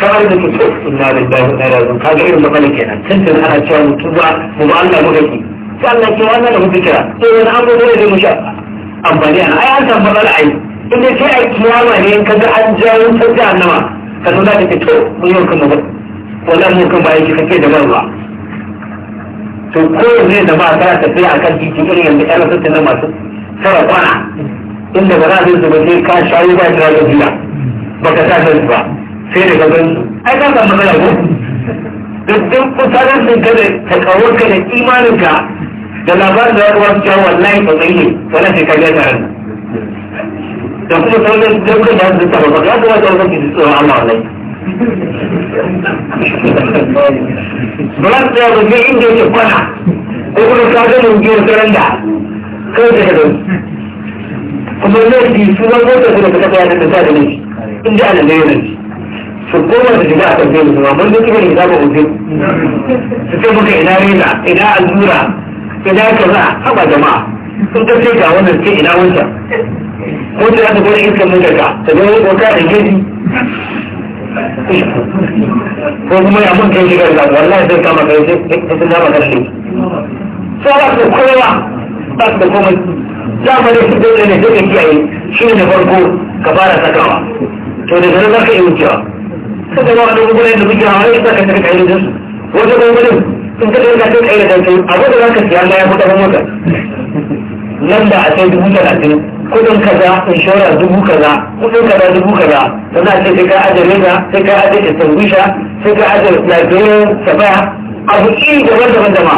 kawai da ke tsof da lillahi da inna ilaihi kaga irin magana kenan tantan ana cewa mutu ba mu ba Allah mu dake sai Allah ke wannan da bishira to wani abu ya da mu sha amfani a ai an san matsala yi inda sai a kiyama ne ka ga an jawo ta nama ka zo za ka fito mun yau kan mabar wannan mun kan bayan kika ke da ba to ko ne da ba kana tafiya akan titi irin yanda ƴan sassa na masu tara kwana inda ba za su zuba sai ka shayi ba ta da biya ba ka sa su ba sai da gaban su ai ka san matsala ko duk kusanin sun kada ta kawo ka da imaninka da labarin da ya kuwa cewa wallahi ba tsaye wala sai ka ga da kuma sauran dabbar da su tsaro ba ya kamata wannan ki tsoro Allah wallahi ba za su yaro ga inda yake kwana ko kuma ka ga mun biyo saran da kai da kai kuma zai ki su ga mota da ka tafi da ta da ne inda ana da yaron su goma da shiga a tafiye musu ma mun duk irin za mu hutu su ce muka ina reza ina allura ina kaza haɓa jama'a sun ka ce ga wannan ce ina wancan ko ta ta gwada iskar motarka ta zama wani kwata da gidi ko kuma ya mun kai shigar da wallahi zai kama kai sun kama So ba su kowa ba su da komai dama ne su dole ne dole kiyaye shi ne farko ka fara sakawa to da zarar za ka yi wucewa suka zama wani gugunan da muke hawa ya saka saka kai da su wata gugunan sun ka dinga kai kai da su abu da za ka siya Allah ya fi ɗan mota nan da a sai dubu talatin kudin kaza inshora dubu kaza kudin kaza dubu kaza wanda ce sai ka ajiye reza sai ka aje istanbusha sai ka aje lafiya sabaya abu iri daban-daban da ma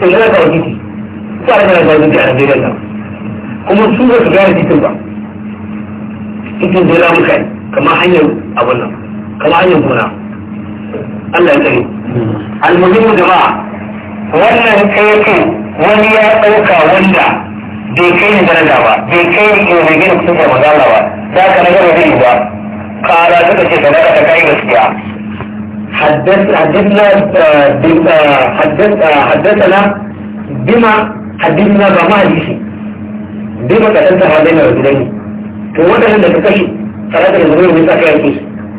sai yana da wajiti sai ana da wajiti a najeriya ta kuma su ba su gane titin ba titin da ya muka kamar hanyar abun nan kamar hanyar gona Allah ya tsare almuhimu jama'a wannan kai wani ya ɗauka wanda bai kai ni daraja ba bai kai ni bai gina kusa da magana ba Da ka na gaba zai ba kara suka ce da naka ta kai gaskiya حدثنا بما حدثنا بما حديثي بما كتبت هذين الرجلين to waɗannan da ka kashe tare da zuwa ne tsaka yake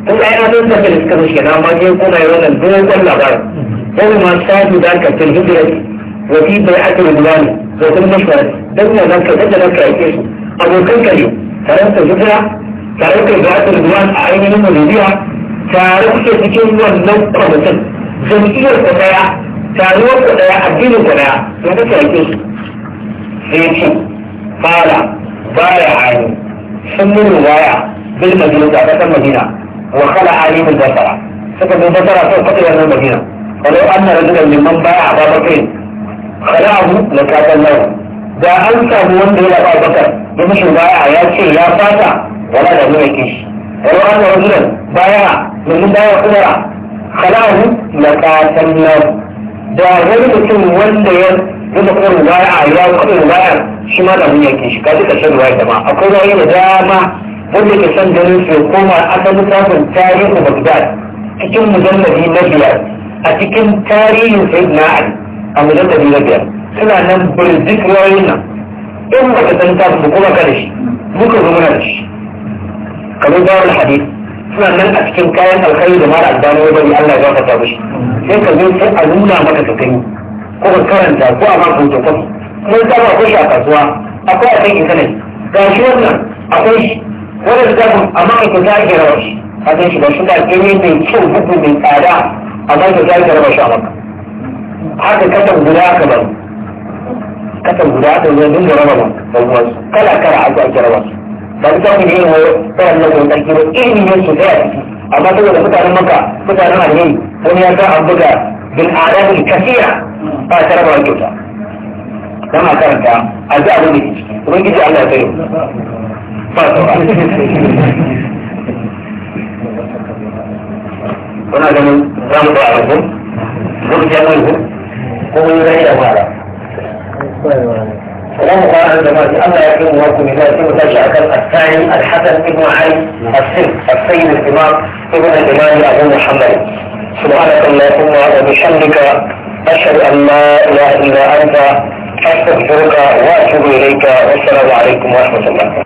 ko ai an san da suka kashe na ma ke kuma yi wannan dogon labarin ko ma sai da ka tilhijira wa fi bai'atul zai zama mashwari don ne zan ka zan da ka aike su abokan ka ne tare ka zuwa tare ka ga ta ruwan a ainihin Bolivia tare kuke cikin wannan kwamitin jam'iyyar ku daya taruwar ku daya addinin ku daya zan ka aike su sai ce fara baya aini sun mun waya bil madina ta kasar madina wa khala alimul basara suka zo basara sai fata yanzu madina ولو أن رجلا ممن بايع أبا بكر kalahu na kafan lahu da an samu wanda ya ba bakar ya mishi ya ce ya fata wala da nuna kishi wani wani rajulan baya domin baya kuma kalahu na kafan lahu da wani mutum wanda ya zuba kuma rubaya ya kuma rubaya shi ma da nuna kishi ka ji ƙarshen rubaya da ma akwai wani da dama wanda ke son ganin su koma asalin safin tarihin bagdad cikin mujallabi na biyar a cikin tarihin sayyidina ali a mujalladi na biyar suna nan birzik rayoyin nan in ba ka san tasu kuma ka da shi muka zo muna da shi kamar zawar hadith suna nan a cikin kayan alkhairi da mara albani ya bari Allah ya gafarta mishi sai ka zo sai a nuna maka ka gani ko ka karanta ko a maka hoto kwafi mun samu akwai shi a kasuwa akwai a kan intanet ga shi wannan akwai shi wannan zafin amma ka ta ake rawar shi a kan shi ba shi da gani mai kyau bugu mai tsada amma ka ta ake rawar shi a maka haka katan guda aka bari katan guda aka zo dinga raba ma ɗan kala kala aka ake raba su ba su samu da yin wayo tsaron na ko tsarki ba ilimi ne su tsaya amma saboda mutanen maka mutanen alheri wani ya sa an buga bin adadin kasiya ba ta raba wa kyauta dan a karanta a ji abin da ke ciki ubangiji Allah ya tsaye ba saura kuna ganin za mu da abin رجع منه قوم يبعيد مالا الله قال عند مالك أما يكون موت من ذلك وترجع الثاني الحسن ابن علي السن السيد الإمام ابن الإمام أبو محمد سبحانك اللهم وبحمدك أشهد أن لا إله إلا أنت أستغفرك وأتوب إليك والسلام عليكم ورحمة الله